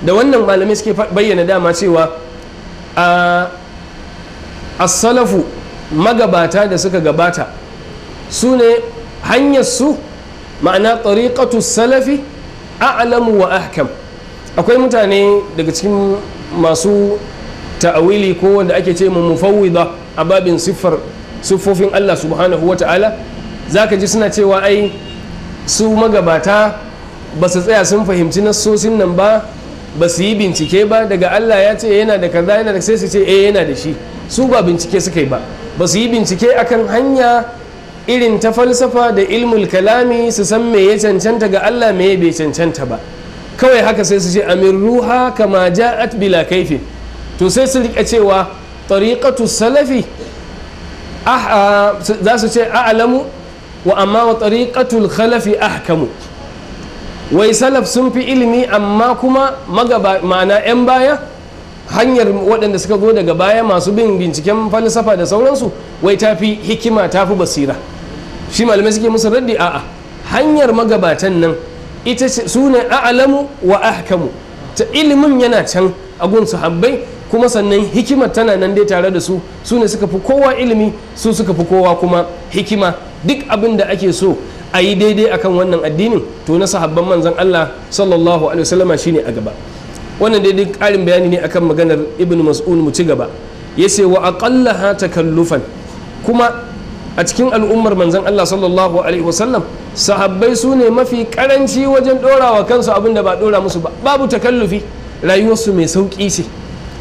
[SPEAKER 1] da wannan malamai suke bayyana dama cewa a as-salafu magabata da suka gabata su ne hanyar su ma'ana tariƙatu salafi a'lamu wa ahkam akwai mutane daga cikin masu ta'awili ko wanda ake ce mu ba a babin siffar siffofin Allah subhanahu wa ta'ala za ka ji suna cewa ai su magabata ba su tsaya sun fahimci nassosin nan ba ba su yi bincike ba daga Allah ya ce yana da kaza yana da sai su ce eh yana da shi su ba bincike suka yi ba ba su yi bincike akan hanya irin ta falsafa da ilmul kalami su san me ya cancanta ga Allah me bai cancanta ba kawai haka sai su ce amin ruha kama ja'at bila kaifi to sai su rika cewa tariqatu salafi ah, ah, za su ce a'lamu wa amma wa tariqatul khalafi ahkamu wai salaf sun fi ilimi amma kuma magaba ma'ana 'yan baya hanyar waɗanda suka zo daga baya masu bin binciken falsafa da sauransu wai ta fi hikima ta fi basira shi malamai suke musu raddi a'a hanyar magabatan nan ita su ne a'lamu wa ahkamu ta ilimin yana can a gun su sahabbai kuma sannan hikimar tana nan dai tare da su su ne suka fi kowa ilimi su suka fi kowa kuma hikima duk abin da ake so a yi daidai akan wannan addinin to na sahabban manzan Allah sallallahu alaihi wasallama shine a gaba wannan daidai ƙarin bayani ne akan maganar ibn mas'ud mu ci gaba ya ce wa aƙalla ha takallufan kuma a cikin al'ummar manzan Allah sallallahu alaihi wasallam sahabbai su ne mafi karanci wajen ɗorawa kansu abin da ba ɗora musu ba babu takallufi rayuwarsu mai sauƙi ce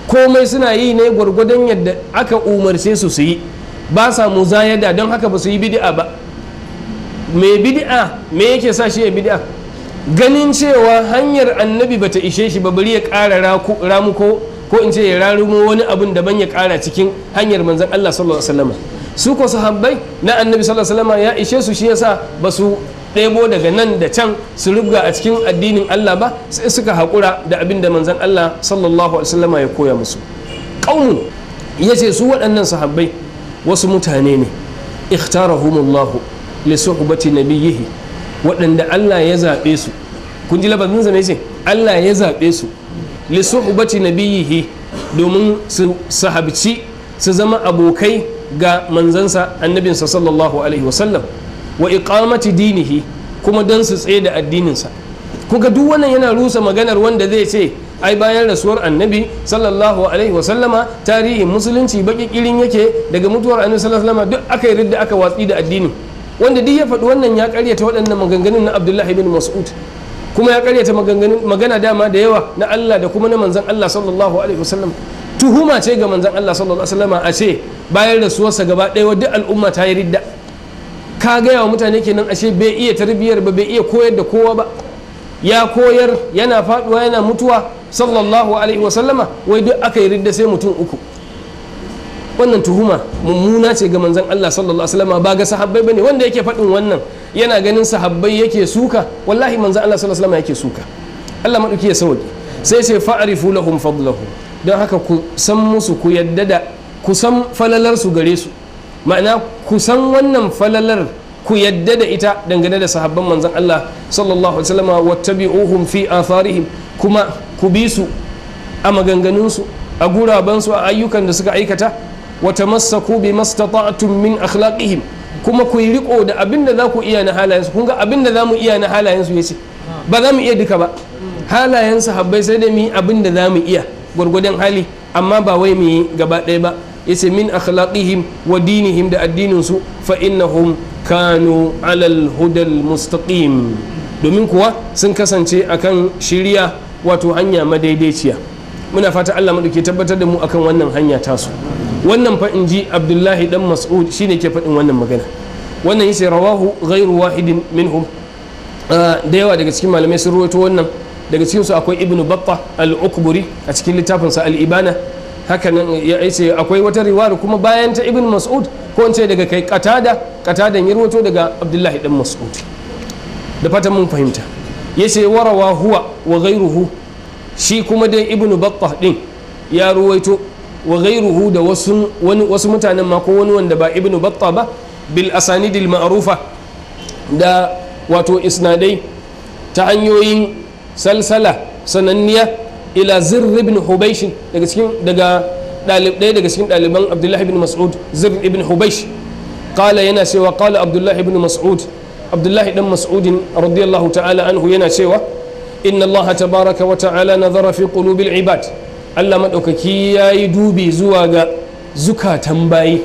[SPEAKER 1] komai suna yi ne gwargwadon yadda aka umarce su su yi ba sa muzayada don haka ba su yi bid'a ba mai bid'a me yake sa shi ya bid'a ganin cewa hanyar annabi bata ishe shi ba bari ya ƙara ramuko ko in ce ya rarumo wani abin ban ya ƙara cikin hanyar manzan Allah sallallahu alaihi wasallam su ko sahabbai na annabi sallallahu alaihi wasallam ya ishe su shi yasa ba su ɗebo daga nan da can su rubga a cikin addinin Allah ba sai suka haƙura da abin da manzan Allah sallallahu alaihi ya koya musu qaumun yace su waɗannan sahabbai wasu mutane ne ikhtarahumullahu li suhbati nabiyhi waɗanda Allah ya zaɓe su kun ji labarin sa ce Allah ya zaɓe su li na biyihi domin su sahabci su zama abokai ga manzansa annabinsa sallallahu alaihi wasallam wa iqamati dinihi kuma don su tsaye da addininsa kuga duk wannan yana rusa maganar wanda zai ce ai bayan rasuwar annabi sallallahu alaihi wasallama tarihin musulunci baki kirin yake daga mutuwar annabi sallallahu alaihi wasallama duk aka yi ridda aka watsi da addinin wanda duk ya faɗi wannan ya karyata waɗannan maganganun na abdullahi bin mas'ud kuma ya karyata maganganun magana dama da yawa na Allah da kuma na manzan Allah sallallahu alaihi wasallam tuhuma ce ga manzan Allah sallallahu alaihi wasallam a ce bayan rasuwarsa gaba ɗaya duk al'umma ta yi ridda ka gaya wa mutane kenan ashe bai iya tarbiyyar ba bai iya koyar da kowa ba ya koyar yana faɗuwa, yana mutuwa sallallahu alaihi wasallama wai duk aka yi ridda sai mutum uku wannan tuhuma mummuna ce ga manzon Allah sallallahu alaihi wasallam ba ga sahabbai bane wanda yake faɗin wannan yana ganin sahabbai yake suka wallahi manzon Allah sallallahu alaihi yake suka Allah madauki ya sauke sai sai fa'rifu lahum don haka ku san musu ku yadda da ku san falalar su gare su ma'ana ku san wannan falalar ku yadda da ita dangane da sahabban manzon Allah sallallahu alaihi wasallam wattabi'uhum fi atharihim kuma ku bi su a maganganunsu a guraben su, a ayyukan da suka aikata wa tamassaku bima istata'tum min akhlaqihim kuma ku riko da abin da za ku iya na halayensu kun abin da za iya na halayensu ya ce ba za mu iya duka ba halayen habbai sai da mu yi abin da za iya gwargwadon hali amma ba wai mu yi gaba ɗaya ba ya ce min akhlaqihim wa dinihim da addinin addininsu fa innahum kanu alal hudal mustaqim domin kuwa sun kasance akan shirya wato hanya madaidaiciya muna fata Allah mu maɗauke tabbatar da mu akan wannan hanya tasu wannan faɗin ji abdullahi dan mas'ud ne ke faɗin wannan magana wannan yace rawahu ghairu wahidin minhum ah, da yawa daga cikin malamai sun rawaito wannan daga cikin su akwai ibnu batta al a cikin littafin sa al hakanan ya ce akwai wata riwaya kuma bayan ta ibnu mas'ud ko in ce daga kai qatada qatadan ya rawaito daga abdullahi dan mas'ud da fatan mun fahimta yace warawa huwa wa ghairuhu shi kuma dai ibnu batta din ya ruwaito wa ghairuhu da wasu wasu mutanen ma ko wani wanda ba ibnu batta ba bil asanidil ma'rufa da wato isnadai ta hanyoyin salsala sananniya ila zirr ibn hubaysh daga cikin daga dalib ɗaya daga cikin ɗaliban abdullahi ibn mas'ud zirr ibn hubaysh qala yana cewa qala abdullahi ibn mas'ud abdullahi dan mas'udin radiyallahu ta'ala anhu yana cewa inna allaha tabaraka wa ta'ala nazara fi qulubil ibad allah maɗaukaki ya yi dubi zuwa ga zukatan bayi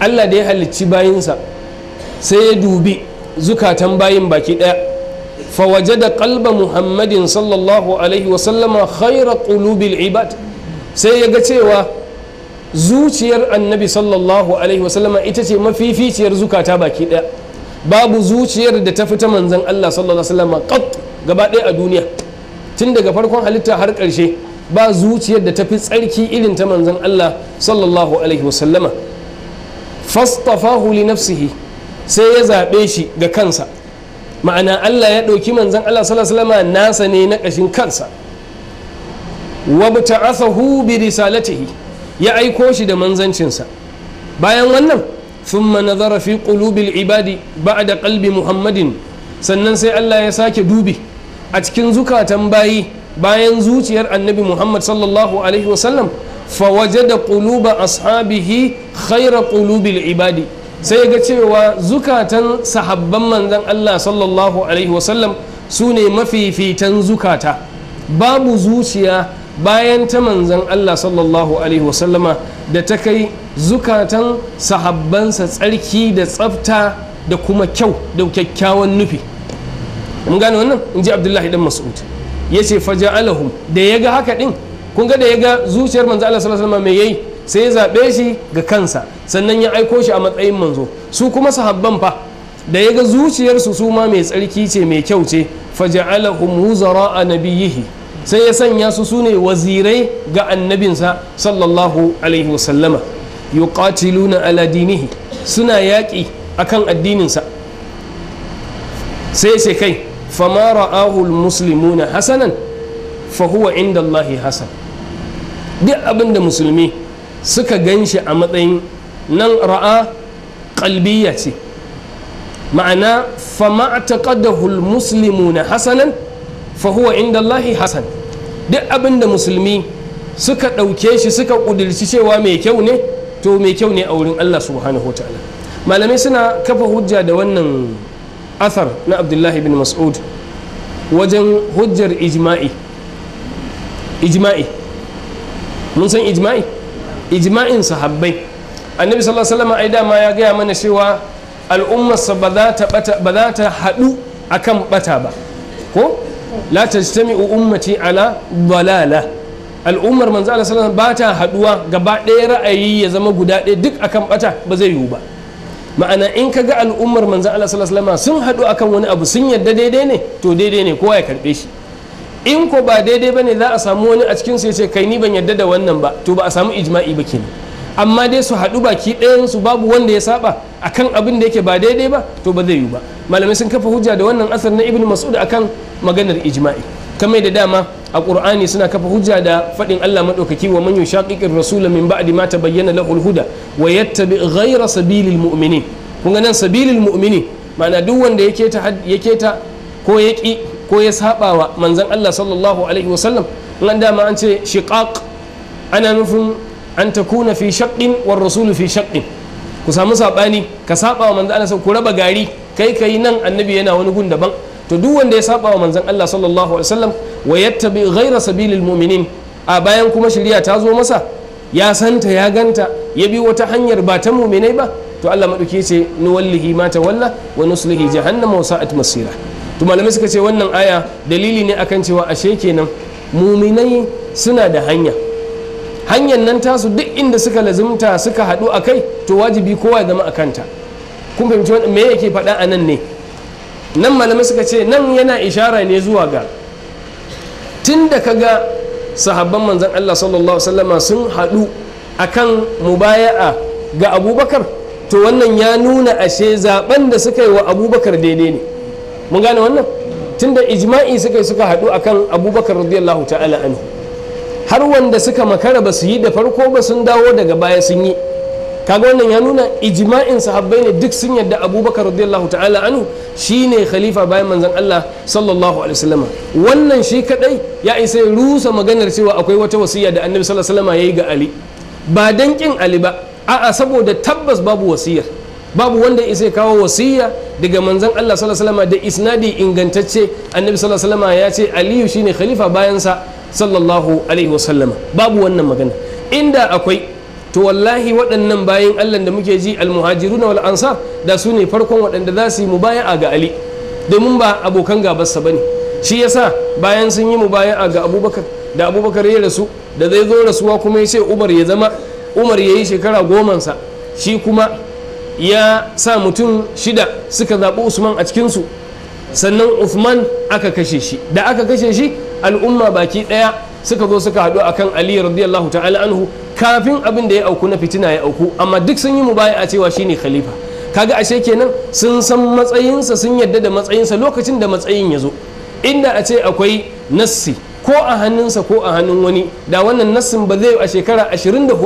[SPEAKER 1] allah da ya halicci bayinsa sai ya dubi zukatan bayin baki ɗaya fawaje da kalba muhammadin sallallahu alaihi wasallama khaira qulubil ibad sai ya ga cewa zuciyar annabi sallallahu alaihi wasallama ita ce mafificiyar zukata baki ɗaya babu zuciyar da ta fita manzan allah sallallahu alaihi wasallama gaba ɗaya a duniya tun daga farkon halitta har ƙarshe ba zuciyar da tafi tsarki irin ta manzon Allah sallallahu alaihi wasallama fastafahu li nafsihi sai ya zaɓe shi ga kansa ma'ana Allah ya ɗauki manzon Allah sallallahu alaihi nasa ne na ƙashin kansa wa buta'athahu bi risalatihi ya aiko shi da manzancinsa bayan wannan thumma nazara fi qulubil ibadi ba'da qalbi muhammadin sannan sai Allah ya sake dubi a cikin zukatan bayi bayan zuciyar annabi muhammad sallallahu alaihi wasallam da quluba ashabihi khaira qulubil ibadi sai ga cewa zukatan sahabban manzan Allah sallallahu alaihi wasallam su ne mafifitan zukata babu zuciya bayan ta manzon Allah sallallahu alaihi wasallama da ta kai zukatan sahabbansa tsarki da tsafta da kuma kyau da kyakkyawan nufi mun gane wannan in ji abdullahi dan mas'ud ya ce faja alahu da ya ga haka din kun ga da ya ga zuciyar manzo Allah sallallahu alaihi wasallam yayi sai ya zabe shi ga kansa sannan ya aiko shi a matsayin manzo su kuma sahabban fa da ya ga zuciyarsu su ma mai tsarki ce mai kyau ce alahu wuzara a nabiyihi sai ya sanya su sune wazirai ga annabinsa sallallahu alaihi wasallama yuqatiluna ala dinihi suna yaƙi akan addininsa sai sai kai fama ra'ahu muslimuna hasanan fa huwa inda Allahi duk abin da musulmi suka gan shi a matsayin nan ra'a kalbiya ce ma'ana fama taqaddahu muslimuna hasanan fa huwa inda Allahi hasan duk abin da musulmi suka ɗauke shi suka ƙudurci cewa mai kyau ne to mai kyau ne a wurin Allah subhanahu wa ta'ala malamai suna kafa hujja da wannan asar na abdullahi bin mas'ud wajen hujjar ijma'i ijma'i mun san ijma'i ijma'in sahabbai annabi sallallahu alaihi wasallam ai dama ya gaya mana cewa al'ummarsa ba za ta haɗu akan bata ba ko la tajtami'u ummati ala dalala al'ummar manzo sallallahu alaihi wasallam ba ta haɗuwa gaba ɗaya ra'ayi ya zama guda ɗaya duk akan bata ba zai yiwu ba ma'ana in ka ga al'ummar manzan Allah sallallahu sun haɗu akan wani abu sun yadda daidai ne to daidai ne kowa ya karɓe shi in ko ba daidai bane za a samu wani a cikin su ya ce kai ni ban yadda da wannan ba to ba a samu ijma'i ba kenan amma dai su haɗu baki ɗayan su babu wanda ya saba akan abin da yake ba daidai ba to ba zai yiwu ba malamai sun kafa hujja da wannan asar na ibnu mas'ud akan maganar ijma'i kamar da dama a ƙur'ani suna kafa hujja da fadin Allah maɗaukaki wa man yushaqiqir rasula min ba'di ma tabayyana lahu al-huda wa yattabi ghayra sabilil mu'minin kun ga nan sabilil mu'minin ma'ana duk wanda yake ta yake ta ko ya ko ya sabawa manzon Allah sallallahu alaihi wa in an dama an ce shiqaq ana nufin an takuna fi shaqqin war rasulu fi shaqqin ku samu sabani ka sabawa manzon Allah ku raba gari kai kai nan annabi yana wani gun daban to duk wanda ya saba wa manzon Allah sallallahu alaihi wasallam wa yattabi ghayra sabilil mu'minin a bayan kuma shari'a ta zo masa ya santa ya ganta ya bi wata hanyar ba ta mu'minai ba to Allah madauke ce ni wallahi ma tawalla wa nuslihi jahannama wa sa'at masira to malamai suka ce wannan aya dalili ne akan cewa ashe kenan mu'minai suna da hanya hanyar nan tasu duk inda suka lazumta suka haɗu a kai to wajibi kowa ya zama a kanta kun fahimci me yake faɗa a nan ne nan malamai suka ce nan yana ishara ne zuwa ga tun da ka ga sahabban manzan Allah sallallahu Alaihi sun haɗu kan mubaya'a ga abubakar to wannan ya nuna ashe zaben da suka yi wa abubakar daidai ne mun gane wannan tunda ijma'i suka yi suka haɗu akan abubakar radiyallahu ta'ala anhu har wanda suka makara ba su yi da farko ba sun dawo daga baya sun yi kaga wannan ya nuna ijima'in sahabbai ne duk sun yadda abubakar radiyallahu ta'ala anhu shine khalifa bayan manzon Allah sallallahu alaihi wasallam wannan shi kadai ya isa rusa maganar cewa akwai wata wasiya da annabi sallallahu alaihi wasallam yayi ga ali ba dan kin ali ba a'a saboda tabbas babu wasiya babu wanda ya kawo wasiya daga manzon Allah sallallahu alaihi wasallam da isnadi ingantacce annabi sallallahu alaihi wasallam ya ce aliyu shine khalifa bayan sa sallallahu alaihi wasallam babu wannan magana inda akwai to wallahi waɗannan bayan allah da muke ji almuhajiru na wal'ansa da su ne farkon waɗanda za su yi mubaya'a ga ali domin ba abokan gabarsa ba ne shi yasa bayan sun yi mubaya'a ga abubakar da abubakar ya rasu da zai zo rasuwa kuma ya ce umar ya zama umar ya yi shekara gomansa shi kuma ya sa mutum shida suka zaɓi usman a cikinsu sannan usman aka kashe shi da aka kashe shi al'umma baki ɗaya suka zo suka haɗu akan ali radiyallahu ta'ala anhu kafin abin da ya auku na fitina ya auku amma duk sun yi mu baya a cewa shine khalifa kaga ashe kenan sun san matsayinsa sun yadda da matsayinsa lokacin da matsayin ya zo inda a ce akwai nassi ko a hannunsa ko a hannun wani da wannan nassin ba zai a shekara 24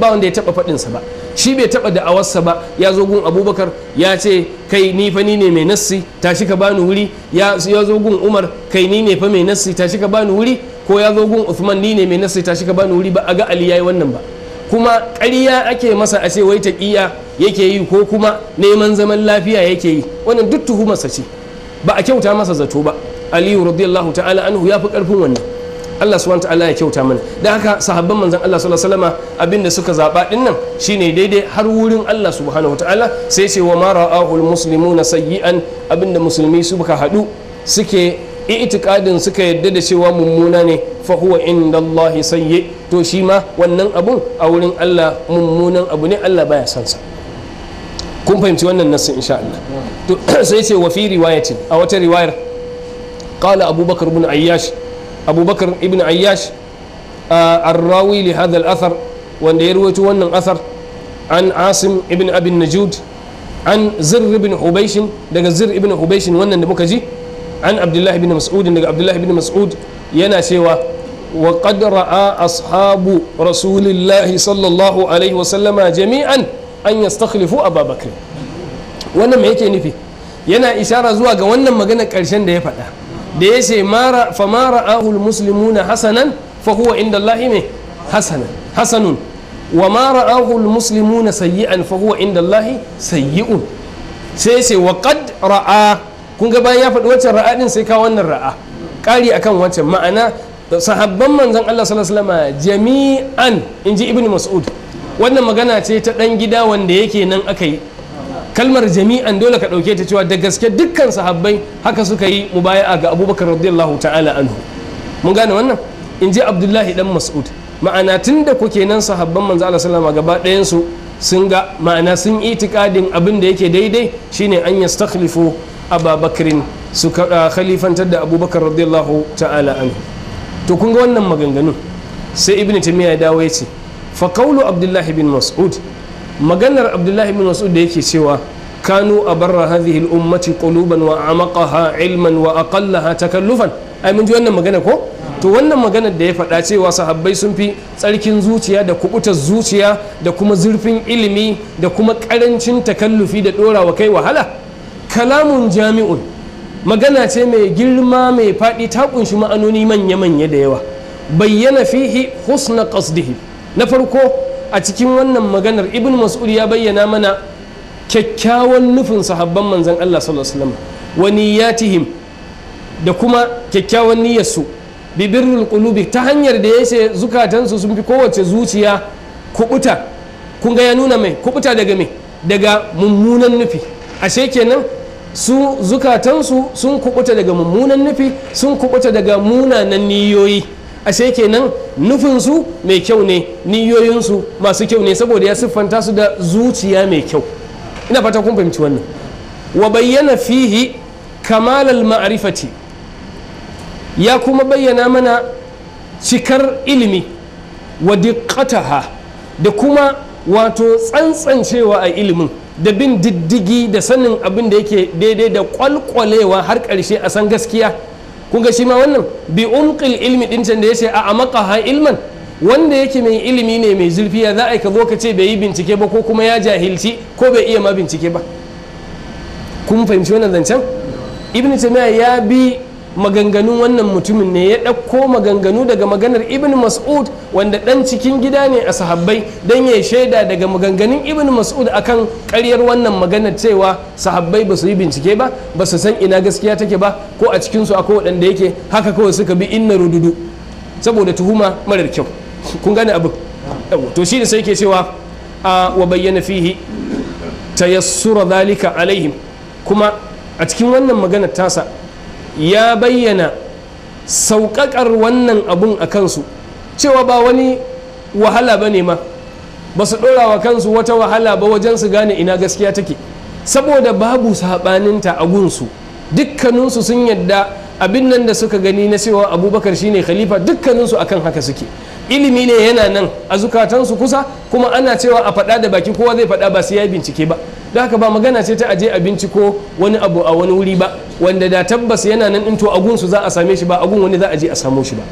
[SPEAKER 1] ba wanda ya taba faɗinsa ba shi bai taba da'awarsa ba ya zo gun abubakar ya ce kai ni fa ni ne mai nassi tashi ka bani wuri ya zo gun umar kai ni ne fa mai nassi tashi ka bani wuri ko ya zo gun Usman ni ne mai nasi ta shiga bani wuri ba a ga Ali yayi wannan ba kuma ƙarya ake masa a ce wai taqiya yake yi ko kuma neman zaman lafiya yake yi wannan duk tuhuma ce ba a kyauta masa zato ba aliyu radiyallahu ta'ala anhu ya fi karfin wannan Allah subhanahu ta'ala ya kyauta mana da haka sahabban manzan Allah sallallahu alaihi wasallama abinda suka zaba din nan shine daidai har wurin Allah subhanahu ta'ala sai ce wa na ra'ahu an sayyi'an abinda musulmi suka hadu suke itikadin suka yadda da cewa mummuna ne fa huwa inda Allah sayyi to shi ma wannan abun a wurin Allah mummunan abu ne Allah baya son sa kun fahimci wannan nassin insha Allah to <clears throat> sai ce wafi fi riwayatin a wata riwayar qala abubakar ibn ayyash abubakar ibn ayyash arrawi li hadha al-athar wanda ya rawaito wannan athar an asim ibn abin najud an zir ibn hubaishin daga zir ibn hubaishin wannan da muka ji an abdullahi bin mas'ud daga abdullahi bin mas'ud yana cewa wa ra'a ashabu rasulillahi sallallahu alaihi wa sallama jami'an an yastakhlifu ababakr wannan me yake nufi yana ishara zuwa ga wannan magana karshen da ya faɗa da ya ce mara fa mara ahul muslimuna hasanan fa huwa inda allahi me hasanan hasanun wa mara ahul muslimuna sayyi'an fa huwa inda allahi sayyi'un sai ce wa qad ra'a kun ga bayan ya faɗi wancan ra'a din sai ka wannan ra'a ƙari akan wancan ma'ana sahabban manzan Allah sallallahu alaihi wasallam jami'an inji ibnu mas'ud wannan magana ce ta dan gida wanda yake nan aka yi kalmar jami'an dole ka ɗauke ta cewa da gaske dukkan sahabbai haka suka yi mu mubaya'a ga abubakar radiyallahu ta'ala anhu mun gane wannan inji ji abdullahi dan mas'ud ma'ana tun da kuke nan sahabban manzo Allah sallama gaba ɗayan su sun ga ma'ana sun itikadin abin da yake daidai shine an yastakhlifu ababakrin suka ah, khalifantar da abubakar radiyallahu ta'ala anhu to kun ga wannan maganganun sai ibn tamiya ya dawo ya ce fa qawlu abdullahi bin mas'ud maganar abdullahi bin mas'ud da yake cewa kanu abarra hadhihi al-ummati quluban wa amaqaha ilman wa aqallaha takallufan ai mun ji wannan magana ko to wannan maganar da ya faɗa cewa sahabbai sun fi tsarkin zuciya da kubutar zuciya da kuma zurfin ilimi da kuma karancin takallufi da ɗora wa kai wahala kalamun jami'un magana ce mai girma mai faɗi ta kunshi ma'anoni manya-manya da yawa bayyana fihi husna qasdihi na farko a cikin wannan maganar ibn mas'ud ya bayyana mana kyakkyawan nufin sahabban manzon Allah sallallahu alaihi wasallam wa niyyatihim da kuma kyakkyawan niyyarsu bi birrul qulubi ta hanyar da yace zukatansu sun fi kowace zuciya kubuta kun ga ya nuna mai kubuta daga mai daga mummunan nufi ashe kenan su zukatansu sun kubuta daga mummunan nufi sun kubuta daga munanan niyoyi ashe kenan nufinsu mai kyau ne niyoyinsu masu kyau ne saboda ya siffanta su da zuciya mai kyau ina fata kun fahimci wannan wa bayyana fihi kamalal ma'arifati ya kuma bayyana mana cikar ilimi wa diqqataha da kuma wato tsantsancewa a ilimin da bin diddigi da sanin abin da yake daidai da kwalkwalewa har karshe a san gaskiya kun ga shi ma wannan bi unqil ilmi din can da yace a amaka ha ilman wanda yake mai ilimi ne mai zurfi ya za a ka zo ka ce bai yi bincike ba ko kuma ya jahilci ko bai iya ma bincike ba kun fahimci wannan zancen ibn tamiya ya bi maganganun wannan mutumin ne ya ɗauko maganganu daga maganar ibn mas'ud wanda ɗan cikin gida ne a sahabbai don ya shaida daga maganganun ibn mas'ud akan ƙaryar wannan maganar cewa sahabbai ba su yi bincike ba ba su san ina gaskiya take ba ko a cikinsu akwai waɗanda yake haka kawai suka bi inna rududu saboda tuhuma marar kyau kun gane abin to shi ne sai ke cewa a wa bayyana fihi tayassura zalika alaihim kuma a cikin wannan maganar tasa ya bayyana sauƙaƙar wannan abun a kansu cewa ba wani wahala ba ne ma ba su ɗora wa kansu wata wahala ba wajen su gane ina gaskiya take saboda babu saɓaninta a gunsu dukkaninsu sun yadda abin nan da suka gani na cewa abubakar shine khalifa dukkaninsu akan haka suke ilimi ne yana nan a zukatansu kusa kuma ana cewa a faɗa da baki kowa zai faɗa ba su ya bincike ba da haka ba magana ce ta aje a binciko wani abu a wani wuri ba wanda da tabbas yana nan into to agun su za a same shi ba agun wani za a je a samo shi ba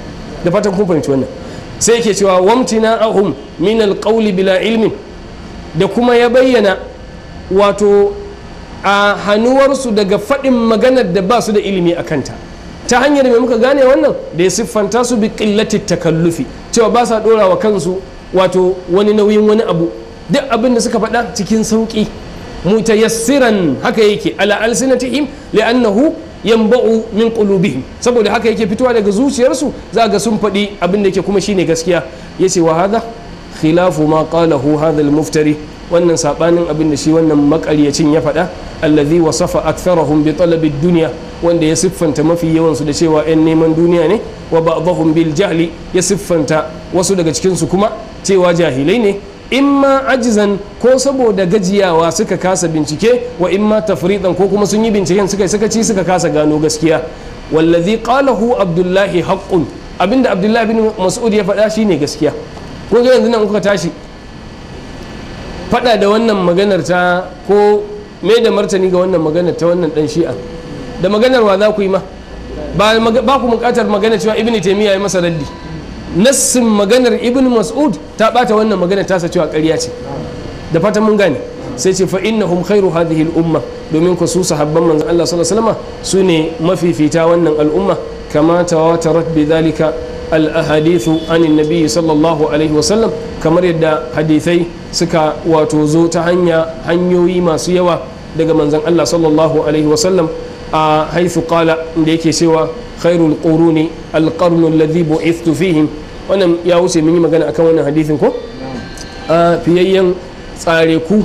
[SPEAKER 1] da fatan kun fahimci wannan sai yake cewa wamtina ahum min alqawli bila ilmin da kuma ya bayyana wato a hannuwarsu daga fadin maganar da ba su da ilimi a kanta ta hanyar mai muka gane wannan da ya siffanta su bi ƙillati takallufi cewa ba sa ɗora wa kansu wato wani nauyin wani abu duk abin da suka faɗa cikin sauƙi mutayassiran haka yake ala alsinatihim li'annahu yanba'u min qulubihim saboda haka yake fitowa daga zuciyarsu za ga sun faɗi abin da yake kuma shine gaskiya yace wa hadha khilafu ma qalahu hadha al-muftari wannan sabanin abin da shi wannan makaryacin ya faɗa allazi wasafa aktharahum bi talabi dunya wanda ya siffanta mafi yawan su da cewa yan neman duniya ne wa ba'dahum bil jahli ya siffanta wasu daga cikin su kuma cewa jahilai ne in ma ajizan ko saboda gajiyawa suka kasa bincike wa in ma tafridan ko kuma sun yi binciken suka suka ci suka kasa gano gaskiya wallazi qalahu abdullahi haqqun abinda abdullahi bin mas'ud ya faɗa shine gaskiya ko ga yanzu nan kuka tashi faɗa da wannan maganar ta ko me da martani ga wannan maganar ta wannan dan shi'a da maganar wa za ku yi ma ba ku bukatar magana cewa ibnu taymiya ya masa raddi nassin maganar ibn mas'ud ta bata wannan magana tasa cewa ƙarya ce da fatan mun gane sai ce fa hum khairu hadhihi al-umma domin ku su sahabban manzon Allah sallallahu alaihi wasallam su ne mafifita wannan al'umma kama tawatarat bi dhalika al-ahadithu an nabi sallallahu alaihi wasallam kamar yadda hadithai suka wato zo ta hanya hanyoyi masu yawa daga manzon Allah sallallahu alaihi wasallam a haisu kala da yake cewa khairul quruni alqarnu alladhi bu'ithtu fihim wannan ya wuce mun yi magana akan wannan hadisin ko a fiyayyen tsare ku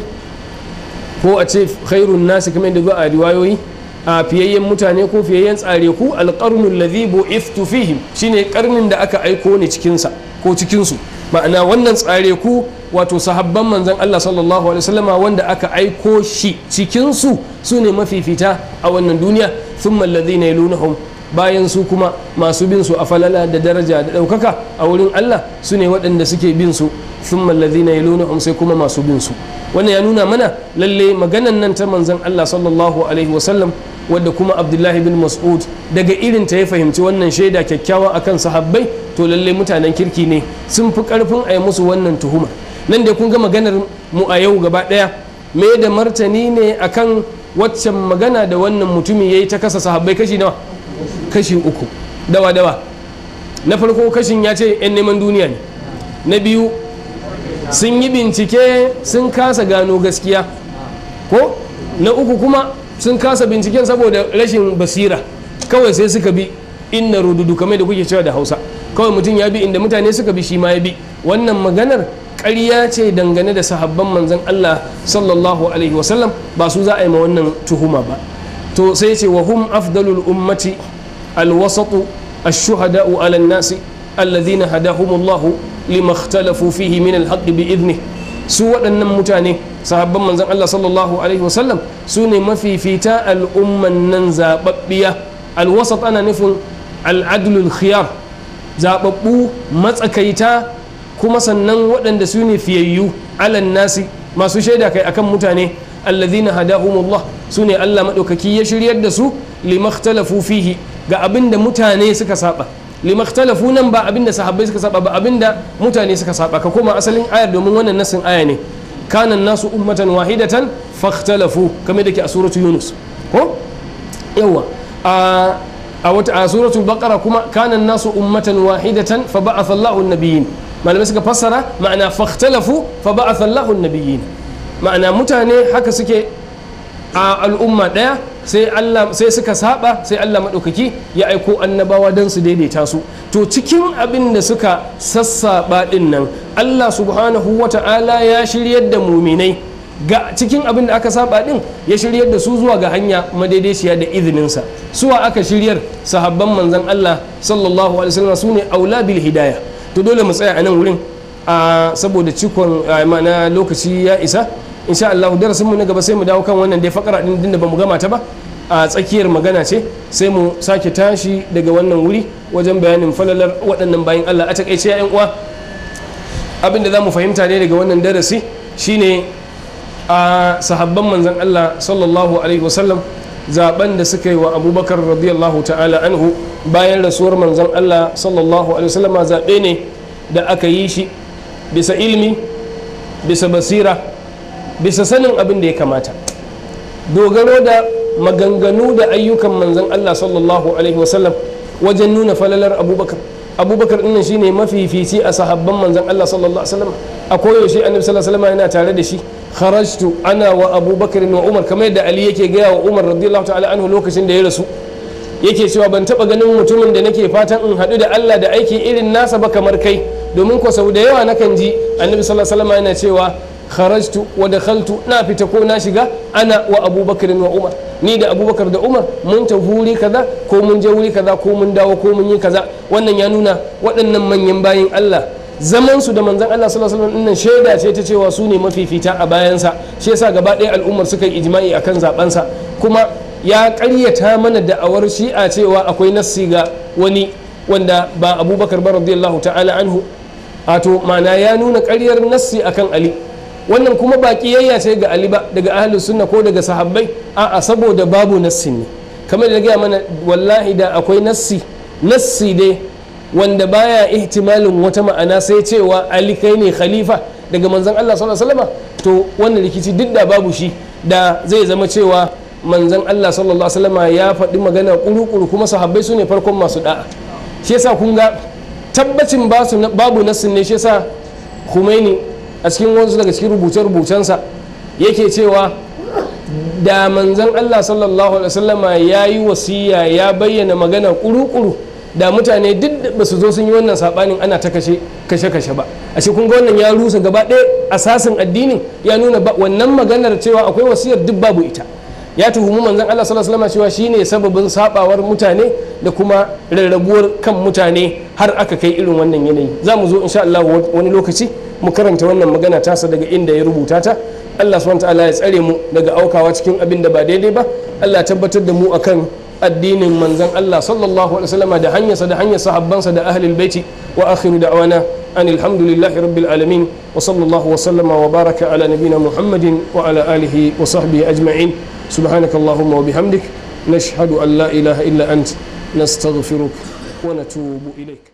[SPEAKER 1] ko a ce khairun nasi kamar yadda zuwa a riwayoyi a fiyayyen mutane ko fiyayyen tsare ku alqarnu alladhi bu'ithtu fihim shine karnin da aka aiko ni cikin sa ko cikin su ma'ana wannan tsare ku wato sahabban manzon Allah sallallahu alaihi wasallama wanda aka aiko shi cikin su su ne mafi fita a wannan duniya sun mallazi na ilunahum bayan su kuma masu bin su a falala da daraja da ɗaukaka a wurin Allah su ne waɗanda suke bin su sun mallazi na ilunahum sai kuma masu bin su wannan ya nuna mana lalle maganan nan ta manzan Allah sallallahu alaihi wasallam wadda kuma Abdullahi bin Mas'ud daga irin ta ya fahimci wannan shaida kyakkyawa akan sahabbai to lalle mutanen kirki ne sun fi karfin a yi musu wannan tuhuma nan da kun ga maganar mu a yau gaba ɗaya me da martani ne akan waccan magana da wannan mutumin ya yi ta kasa sahabbai kashi nawa kashi uku dawa dawa na farko kashin ya ce 'yan neman duniya ne na biyu sun yi bincike sun kasa gano gaskiya ko na uku kuma sun kasa binciken saboda rashin basira kawai sai suka bi inna rududu kamar da kuke cewa da hausa kawai mutum ya bi inda mutane suka bi shi ma ya bi wannan maganar ƙarya ce dangane da sahabban manzan Allah sallallahu alaihi wasallam ba su za a yi ma wannan tuhuma ba to sai ce wa hum afdalul ummati alwasatu ashuhada'u ala nasi alladhina hadahumullahu lima ikhtalafu fihi min alhaq bi su waɗannan mutane sahabban manzan Allah sallallahu alaihi wasallam su ne mafifita al'umman nan zababbiya alwasat ana nufin al'adlul khiyar zababbu matsakaita kuma sannan waɗanda su ne fiyayyu alan nasi masu shaida kai akan mutane alladhina hadahumullah su ne Allah maɗaukaki ya shiryar da su limakhtalafu fihi ga abin da mutane suka saba limakhtalafu nan ba abin da sahabbai suka saba ba abin da mutane suka saba ka koma asalin ayar domin wannan nasin aya ne kanan nasu ummatan wahidatan fakhtalafu kamar da ke a suratu yunus ko yawa a wata a suratul baqara kuma kanan nasu ummatan wahidatan fa ba'atha Allahu an-nabiyyin malamai suka fassara ma'ana fakhtalafu fa ba'atha Allahu an ma'ana mutane haka suke a al'umma daya sai Allah sai suka saba sai Allah madaukaki ya aiko annabawa dan su daidaita su to cikin abin da suka sassaba din nan Allah subhanahu wata'ala ya shiryar da muminai ga cikin abin da aka saba din ya shiryar da su zuwa ga hanya madaidaiciya da izininsa suwa aka shiryar sahabban manzon Allah sallallahu alaihi wasallam sune aula bil hidayah to dole mu tsaya a nan wurin a saboda cikon mana lokaci ya isa insha Allah darasin mu na gaba sai mu dawo kan wannan dai fakara din da bamu gama ta ba a tsakiyar magana ce sai mu sake tashi daga wannan wuri wajen bayanin falalar waɗannan bayan Allah a takaice ya uwa abin da za mu fahimta ne daga wannan darasi shine a sahabban manzon Allah sallallahu alaihi wasallam zaben da suka yi wa abubakar radiyallahu ta'ala anhu bayan rasuwar manzon allah sallallahu alaihi wasallama zaɓe ne da aka yi shi bisa ilmi bisa basira bisa sanin abin da ya kamata dogaro da maganganu da ayyukan manzon allah sallallahu alaihi wasallam wajen nuna falalar abubakar abubakar ne shine mafifici a sahabban manzan allah sallallahu alaihi wasallam a koyaushe annabi sallallahu alaihi wasallam yana tare da shi kharajtu ana wa abubakar wa umar kamar yadda ali yake gaya wa umar radiyallahu ta'ala anhu lokacin da ya rasu yake cewa ban taba ganin mutumin da nake fatan in haɗu da allah da aiki irin nasa ba kamar kai domin ko sau da yawa nakan ji annabi sallallahu alaihi wasallam yana cewa kharajtu wa dakhaltu na fita ko na shiga ana wa abubakar wa umar ni da abubakar da umar mun tafi wuri kaza ko mun je wuri kaza ko mun dawo ko mun yi kaza wannan ya nuna waɗannan manyan bayin allah zaman su da manzan Allah sallallahu alaihi wasallam shaida ce ta cewa su ne mafifita a bayansa shi yasa gaba ɗaya al'ummar suka yi ijma'i akan zaben sa kuma ya ƙaryata mana da'awar shi'a cewa akwai nassi ga wani wanda ba abubakar ba radiyallahu ta'ala anhu wato ma'ana ya nuna ƙaryar nassi akan ali wannan kuma ba kiyayya sai ga ali ba daga ahlus sunna ko daga sahabbai a saboda babu nassi ne kamar da gaya mana wallahi da akwai nassi nassi dai wanda baya ihtimalin wata ma'ana sai cewa ali kai ne khalifa daga manzon Allah sallallahu alaihi wasallam to wannan rikici duk da babu shi da zai zama cewa manzon Allah sallallahu alaihi wasallam ya faɗi magana kuru-kuru kuma sahabbai su ne farkon masu da'a shi yasa kun ga tabbacin babu nassin ne shi yasa a cikin wasu daga cikin rubuce-rubucensa yake cewa da manzan Allah sallallahu alaihi wasallama ya yi wasiya ya bayyana magana kuru-kuru da mutane duk ba su zo sun yi wannan sabanin ana ta kashe kashe ba a shi ga wannan ya rusa gaba ɗaya asasin addinin ya nuna ba wannan maganar cewa akwai wasiyar duk babu ita ya tuhumi manzan Allah sallallahu alaihi wasallama cewa shine sababin sabawar mutane da kuma rarrabuwar kan mutane har aka kai irin wannan yanayi za mu zo insha Allah wani lokaci mu karanta wannan magana tasa daga inda ya rubuta ta Allah subhanahu ta'ala ya tsare mu daga aukawa cikin abin da ba daidai ba Allah tabbatar da mu akan addinin manzon Allah sallallahu alaihi wasallama da hanyarsa da hanyar sahabbansa da ahlul baiti wa akhiru da'wana an alhamdulillahi rabbil alamin wa sallallahu wa sallama wa baraka ala nabina muhammadin wa ala alihi wa sahbihi ajma'in subhanakallahumma wa bihamdik nashhadu an la ilaha illa ant nastaghfiruk wa natubu ilaik